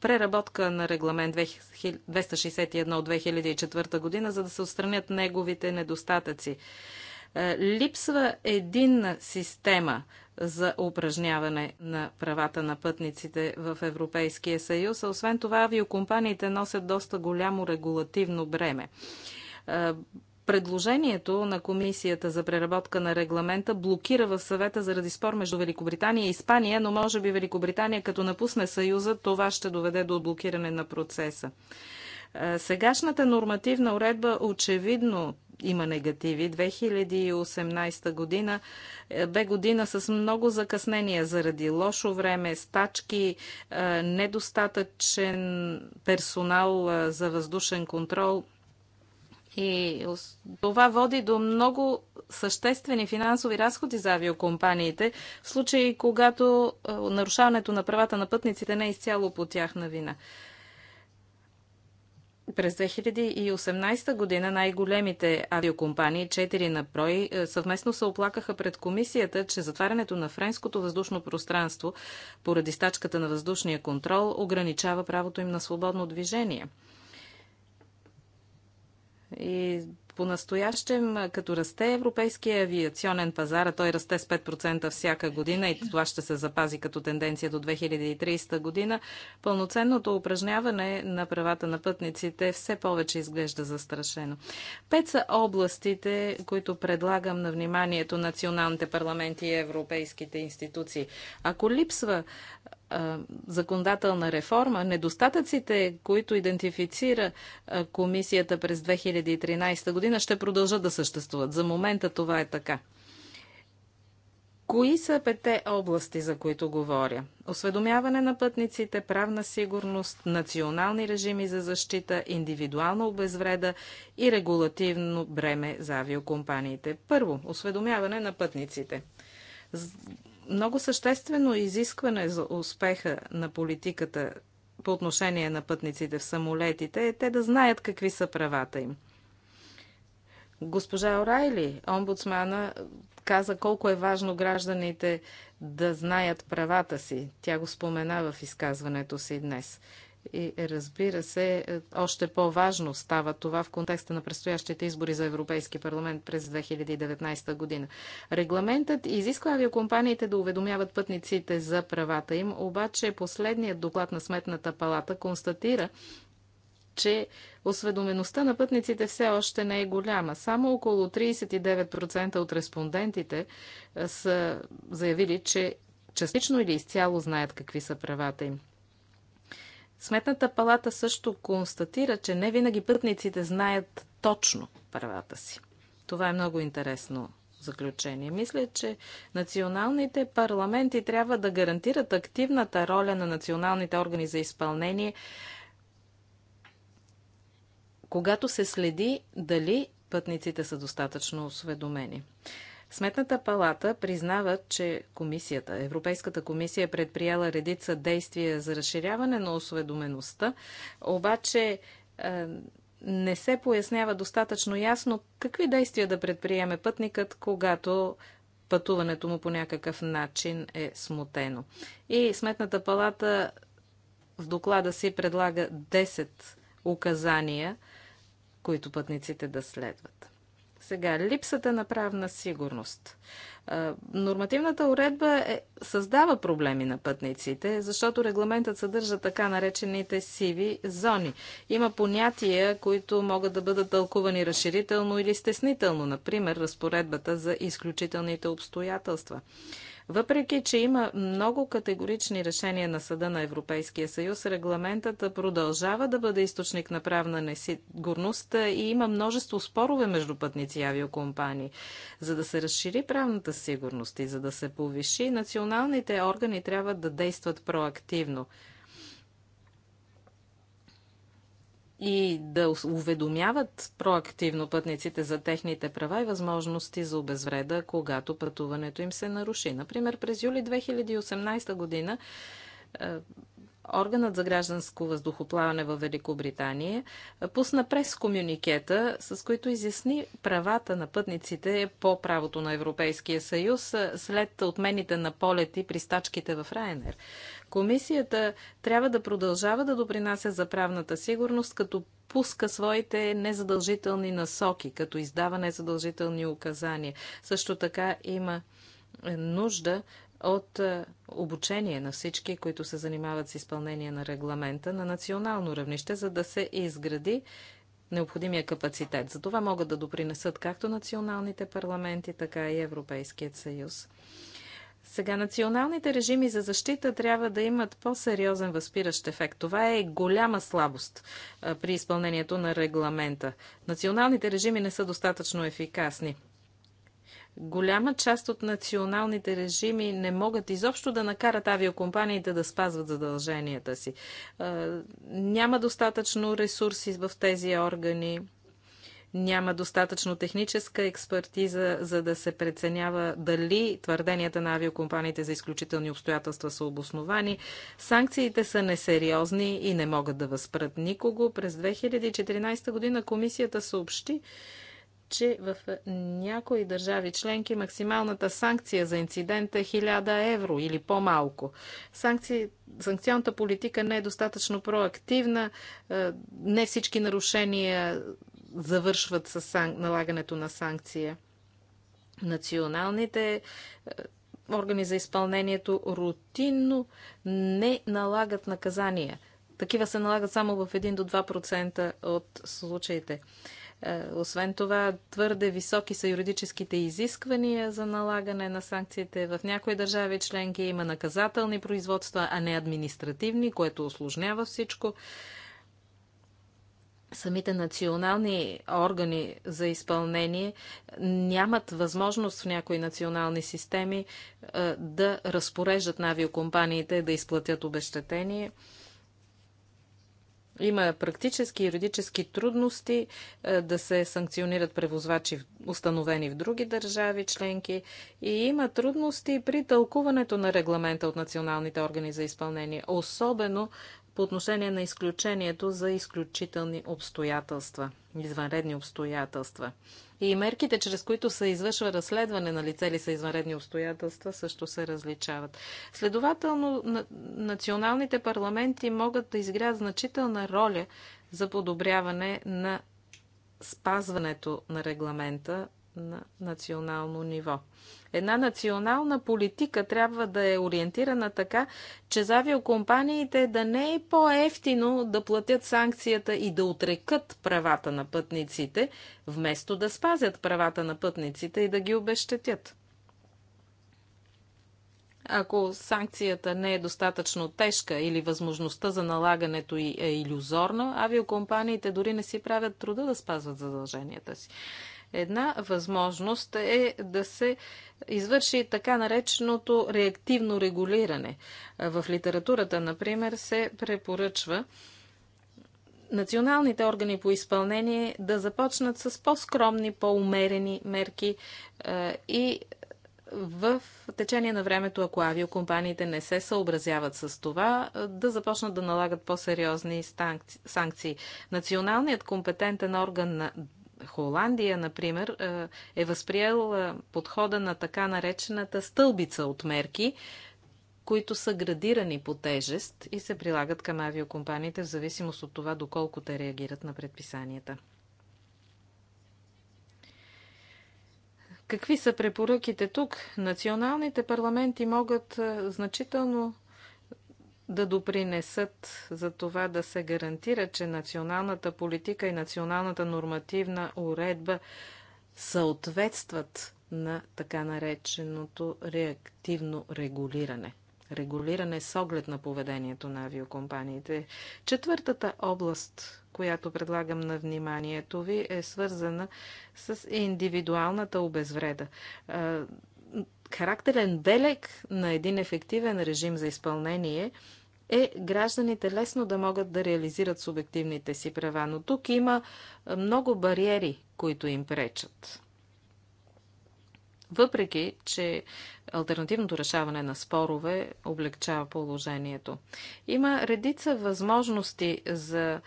преработка на регламент 261 от 2004 година, за да се отстранят неговите недостатъци. Е, липсва единна система за упражняване на правата на пътниците в Европейския съюз, освен това авиокомпаниите носят доста голямо регулативно бреме. Е, предложението на Комисията за преработка на регламента блокира в съвета заради спор между Великобритания и Испания, но може би Великобритания като напусне Съюза, това ще доведе до блокиране на процеса. Е, сегашната нормативна уредба очевидно има негативи. 2018 година е, бе година с много закъснения заради лошо време, стачки, е, недостатъчен персонал за въздушен контрол. И това води до много съществени финансови разходи за авиокомпаниите, в случаи когато нарушаването на правата на пътниците не е изцяло по тяхна вина. През 2018 година най-големите авиокомпании, 4 на брой, е, съвместно се оплакаха пред комисията, че затварянето на френското въздушно пространство поради стачката на въздушния контрол ограничава правото им на свободно движение. И по-настоящем, като расте европейския авиационен пазар, а той расте с 5% всяка година и това ще се запази като тенденция до 2030 година, пълноценното упражняване на правата на пътниците все повече изглежда застрашено. Пет са областите, които предлагам на вниманието националните парламенти и европейските институции. Ако липсва законодателна реформа, недостатъците, които идентифицира комисията през 2013 година, ще продължат да съществуват. За момента това е така. Кои са пете области, за които говоря? Осведомяване на пътниците, правна сигурност, национални режими за защита, индивидуална обезвреда и регулативно бреме за авиокомпаниите. Първо, осведомяване на пътниците много съществено изискване за успеха на политиката по отношение на пътниците в самолетите е те да знаят какви са правата им. Госпожа Орайли, омбудсмана, каза колко е важно гражданите да знаят правата си. Тя го спомена в изказването си днес. И разбира се, е, още по-важно става това в контекста на предстоящите избори за Европейски парламент през 2019 година. Регламентът изисква авиокомпаниите да уведомяват пътниците за правата им, обаче последният доклад на Сметната палата констатира, че осведомеността на пътниците все още не е голяма. Само около 39% от респондентите е, са заявили, че частично или изцяло знаят какви са правата им. Сметната палата също констатира, че не винаги пътниците знаят точно правата си. Това е много интересно заключение. Мисля, че националните парламенти трябва да гарантират активната роля на националните органи за изпълнение, когато се следи дали пътниците са достатъчно осведомени. Сметната палата признава, че комисията, Европейската комисия е предприела редица действия за разширяване на осведомеността, обаче е, не се пояснява достатъчно ясно какви действия да предприеме пътникът, когато пътуването му по някакъв начин е смутено. И Сметната палата в доклада си предлага 10 указания, които пътниците да следват. Сега, липсата на правна сигурност. Нормативната уредба е, създава проблеми на пътниците, защото регламентът съдържа така наречените сиви зони. Има понятия, които могат да бъдат тълкувани разширително или стеснително, например разпоредбата за изключителните обстоятелства. Въпреки, че има много категорични решения на Съда на Европейския съюз, регламентът продължава да бъде източник на правна несигурност и има множество спорове между пътници и авиокомпании. За да се разшири правната сигурност и за да се повиши, националните органи трябва да действат проактивно. и да уведомяват проактивно пътниците за техните права и възможности за обезвреда, когато пътуването им се наруши. Например, през юли 2018 година е, Органът за гражданско въздухоплаване в Великобритания пусна през комюникета, с които изясни правата на пътниците по правото на Европейския съюз след отмените на полети при стачките в Райнер. Комисията трябва да продължава да допринася за правната сигурност, като пуска своите незадължителни насоки, като издава незадължителни указания. Също така има нужда от е, обучение на всички, които се занимават с изпълнение на регламента на национално равнище, за да се изгради необходимия капацитет. За това могат да допринесат както националните парламенти, така и Европейският съюз. Сега националните режими за защита трябва да имат по-сериозен възпиращ ефект. Това е голяма слабост а, е, при изпълнението на регламента. Националните режими не са достатъчно ефикасни. Голяма част от националните режими не могат изобщо да накарат авиокомпаниите да спазват задълженията си. Няма достатъчно ресурси в тези органи, няма достатъчно техническа експертиза, за да се преценява дали твърденията на авиокомпаниите за изключителни обстоятелства са обосновани. Санкциите са несериозни и не могат да възпрат никого. През 2014 година комисията съобщи, че в някои държави членки максималната санкция за инцидента е 1000 евро или по-малко. Санкционната политика не е достатъчно проактивна, е, не всички нарушения завършват с налагането на санкция. Националните е, органи за изпълнението рутинно не налагат наказания. Такива се налагат само в 1 до 2% от случаите. Е, освен това, твърде високи са юридическите изисквания за налагане на санкциите. В някои държави членки има наказателни производства, а не административни, което осложнява всичко. Самите национални органи за изпълнение нямат възможност в някои национални системи е, да разпореждат на авиокомпаниите да изплатят обещатение. Има практически и юридически трудности е, да се санкционират превозвачи, установени в други държави членки. И има трудности при тълкуването на регламента от националните органи за изпълнение, особено по отношение на изключението за изключителни обстоятелства, извънредни обстоятелства и мерките, чрез които се извършва разследване на лице ли са извънредни обстоятелства, също се различават. Следователно, националните парламенти могат да изграят значителна роля за подобряване на спазването на регламента на национално ниво. Една национална политика трябва да е ориентирана така, че за авиокомпаниите да не е по-ефтино да платят санкцията и да отрекат правата на пътниците, вместо да спазят правата на пътниците и да ги обещетят. Ако санкцията не е достатъчно тежка или възможността за налагането е иллюзорна, авиокомпаниите дори не си правят труда да спазват задълженията си. Една възможност е да се извърши така нареченото реактивно регулиране. В литературата, например, се препоръчва националните органи по изпълнение да започнат с по-скромни, по-умерени мерки е, и в течение на времето, ако авиокомпаниите не се съобразяват с това, е, да започнат да налагат по-сериозни санкции. Националният компетентен орган на Холандия, например, е, е възприел е, подхода на така наречената стълбица от мерки, които са градирани по тежест и се прилагат към авиокомпаниите в зависимост от това доколко те реагират на предписанията. Какви са препоръките тук? Националните парламенти могат е, значително да допринесат за това да се гарантира, че националната политика и националната нормативна уредба съответстват на така нареченото реактивно регулиране. Регулиране с оглед на поведението на авиокомпаниите. Четвъртата област, която предлагам на вниманието ви, е свързана с индивидуалната обезвреда характерен белег на един ефективен режим за изпълнение е гражданите лесно да могат да реализират субективните си права. Но тук има много бариери, които им пречат. Въпреки, че альтернативното решаване на спорове облегчава положението. Има редица възможности за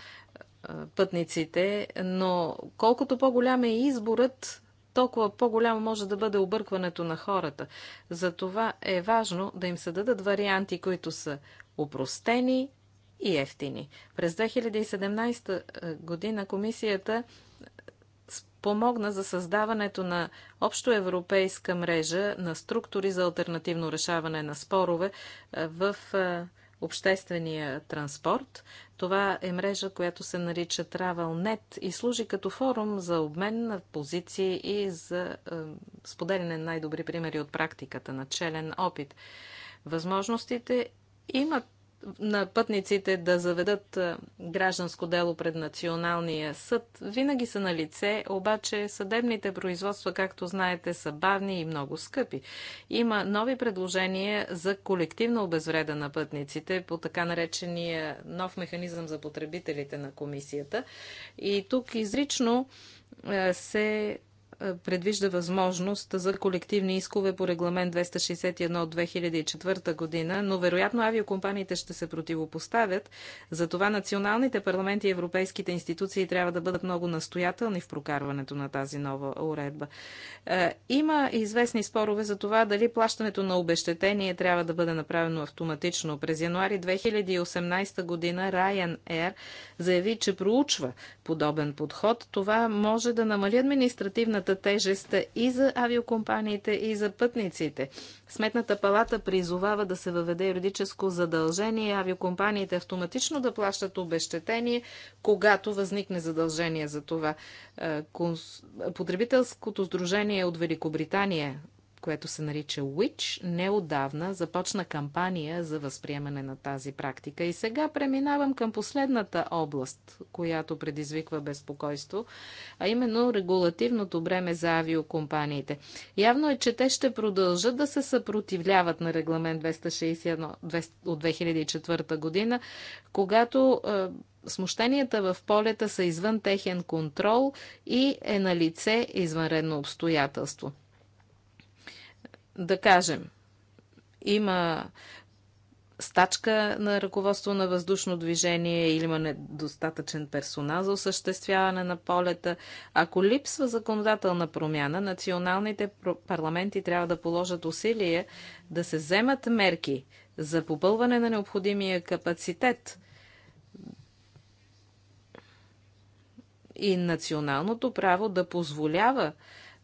пътниците, но колкото по-голям е изборът, толкова по-голямо може да бъде объркването на хората. Затова е важно да им се дадат варианти, които са упростени и ефтини. През 2017 е, година комисията е, помогна за създаването на общоевропейска мрежа на структури за альтернативно решаване на спорове е, в обществения транспорт. Това е мрежа, която се нарича TravelNet и служи като форум за обмен на позиции и за е, споделяне на най-добри примери от практиката, на челен опит. Възможностите имат на пътниците да заведат гражданско дело пред Националния съд винаги са на лице, обаче съдебните производства, както знаете, са бавни и много скъпи. Има нови предложения за колективна обезвреда на пътниците по така наречения нов механизъм за потребителите на комисията. И тук изрично се е, предвижда възможност за колективни искове по регламент 261 от 2004 година, но вероятно авиокомпаниите ще се противопоставят. Затова националните парламенти и европейските институции трябва да бъдат много настоятелни в прокарването на тази нова уредба. Е, има известни спорове за това дали плащането на обещетение трябва да бъде направено автоматично. През януари 2018 година Ryanair заяви, че проучва подобен подход. Това може да намали административната административната тежест и за авиокомпаниите, и за пътниците. Сметната палата призовава да се въведе юридическо задължение авиокомпаниите автоматично да плащат обещетение, когато възникне задължение за това. Е, Потребителското сдружение от Великобритания което се нарича Witch, неодавна започна кампания за възприемане на тази практика. И сега преминавам към последната област, която предизвиква безпокойство, а именно регулативното бреме за авиокомпаниите. Явно е, че те ще продължат да се съпротивляват на регламент 261 от 2004 година, когато смущенията в полета са извън техен контрол и е на лице извънредно обстоятелство. Да кажем, има стачка на ръководство на въздушно движение или има недостатъчен персонал за осъществяване на полета. Ако липсва законодателна промяна, националните парламенти трябва да положат усилия да се вземат мерки за попълване на необходимия капацитет. И националното право да позволява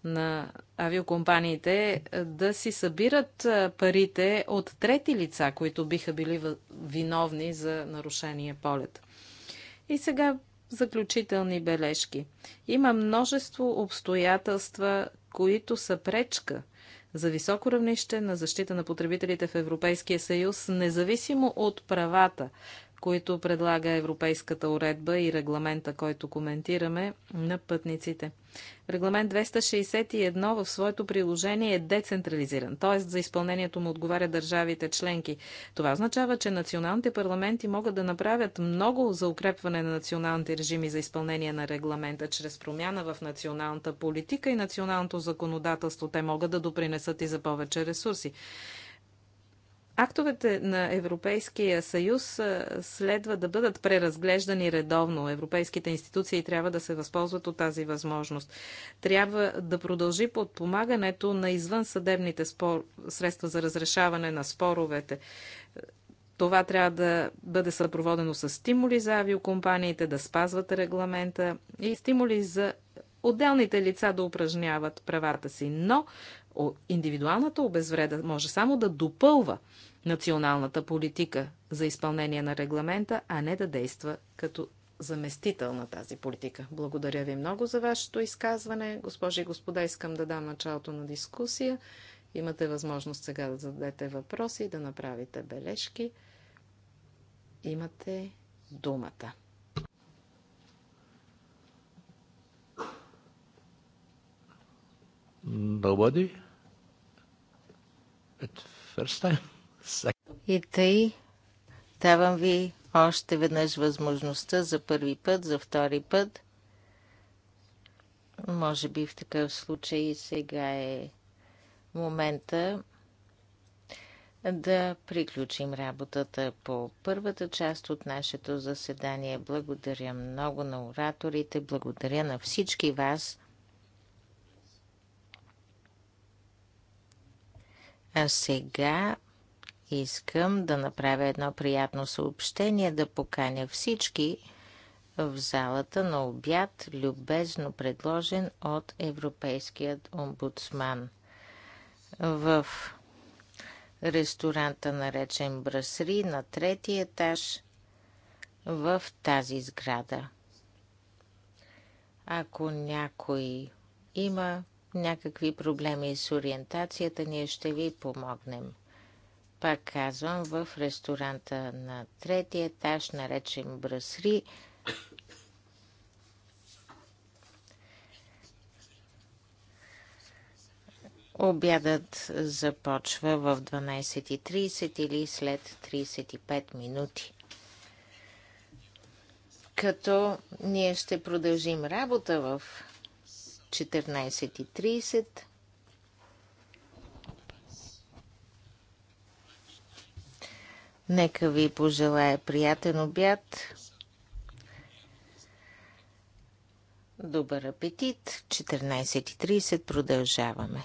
на авиокомпаниите е, да си събират е, парите от трети лица, които биха били виновни за нарушение полет. И сега заключителни бележки. Има множество обстоятелства, които са пречка за високо равнище на защита на потребителите в Европейския съюз, независимо от правата, които предлага европейската уредба и регламента, който коментираме, на пътниците. Регламент 261 в своето приложение е децентрализиран, т.е. за изпълнението му отговаря държавите членки. Това означава, че националните парламенти могат да направят много за укрепване на националните режими за изпълнение на регламента. Чрез промяна в националната политика и националното законодателство те могат да допринесат и за повече ресурси. Актовете на Европейския съюз следва да бъдат преразглеждани редовно. Европейските институции трябва да се възползват от тази възможност. Трябва да продължи подпомагането на извънсъдебните спор... средства за разрешаване на споровете. Това трябва да бъде съпроводено с стимули за авиокомпаниите да спазват регламента и стимули за отделните лица да упражняват правата си. Но индивидуалната обезвреда може само да допълва националната политика за изпълнение на регламента, а не да действа като заместител на тази политика. Благодаря ви много за вашето изказване. Госпожи и господа, искам да дам началото на дискусия. Имате възможност сега да зададете въпроси, да направите бележки. Имате думата. Nobody? At first time? И тъй, давам ви още веднъж възможността за първи път, за втори път. Може би в такъв случай сега е момента да приключим работата по първата част от нашето заседание. Благодаря много на ораторите, благодаря на всички вас. А сега Искам да направя едно приятно съобщение, да поканя всички в залата на обяд, любезно предложен от Европейският омбудсман. В ресторанта, наречен Брасри, на трети етаж в тази сграда. Ако някой има някакви проблеми с ориентацията, ние ще ви помогнем пак казвам, в ресторанта на третия етаж, наречен Брасри. Обядът започва в 12.30 или след 35 минути. Като ние ще продължим работа в 14.30. Нека ви пожелая приятен обяд. Добър апетит. 14.30 продължаваме.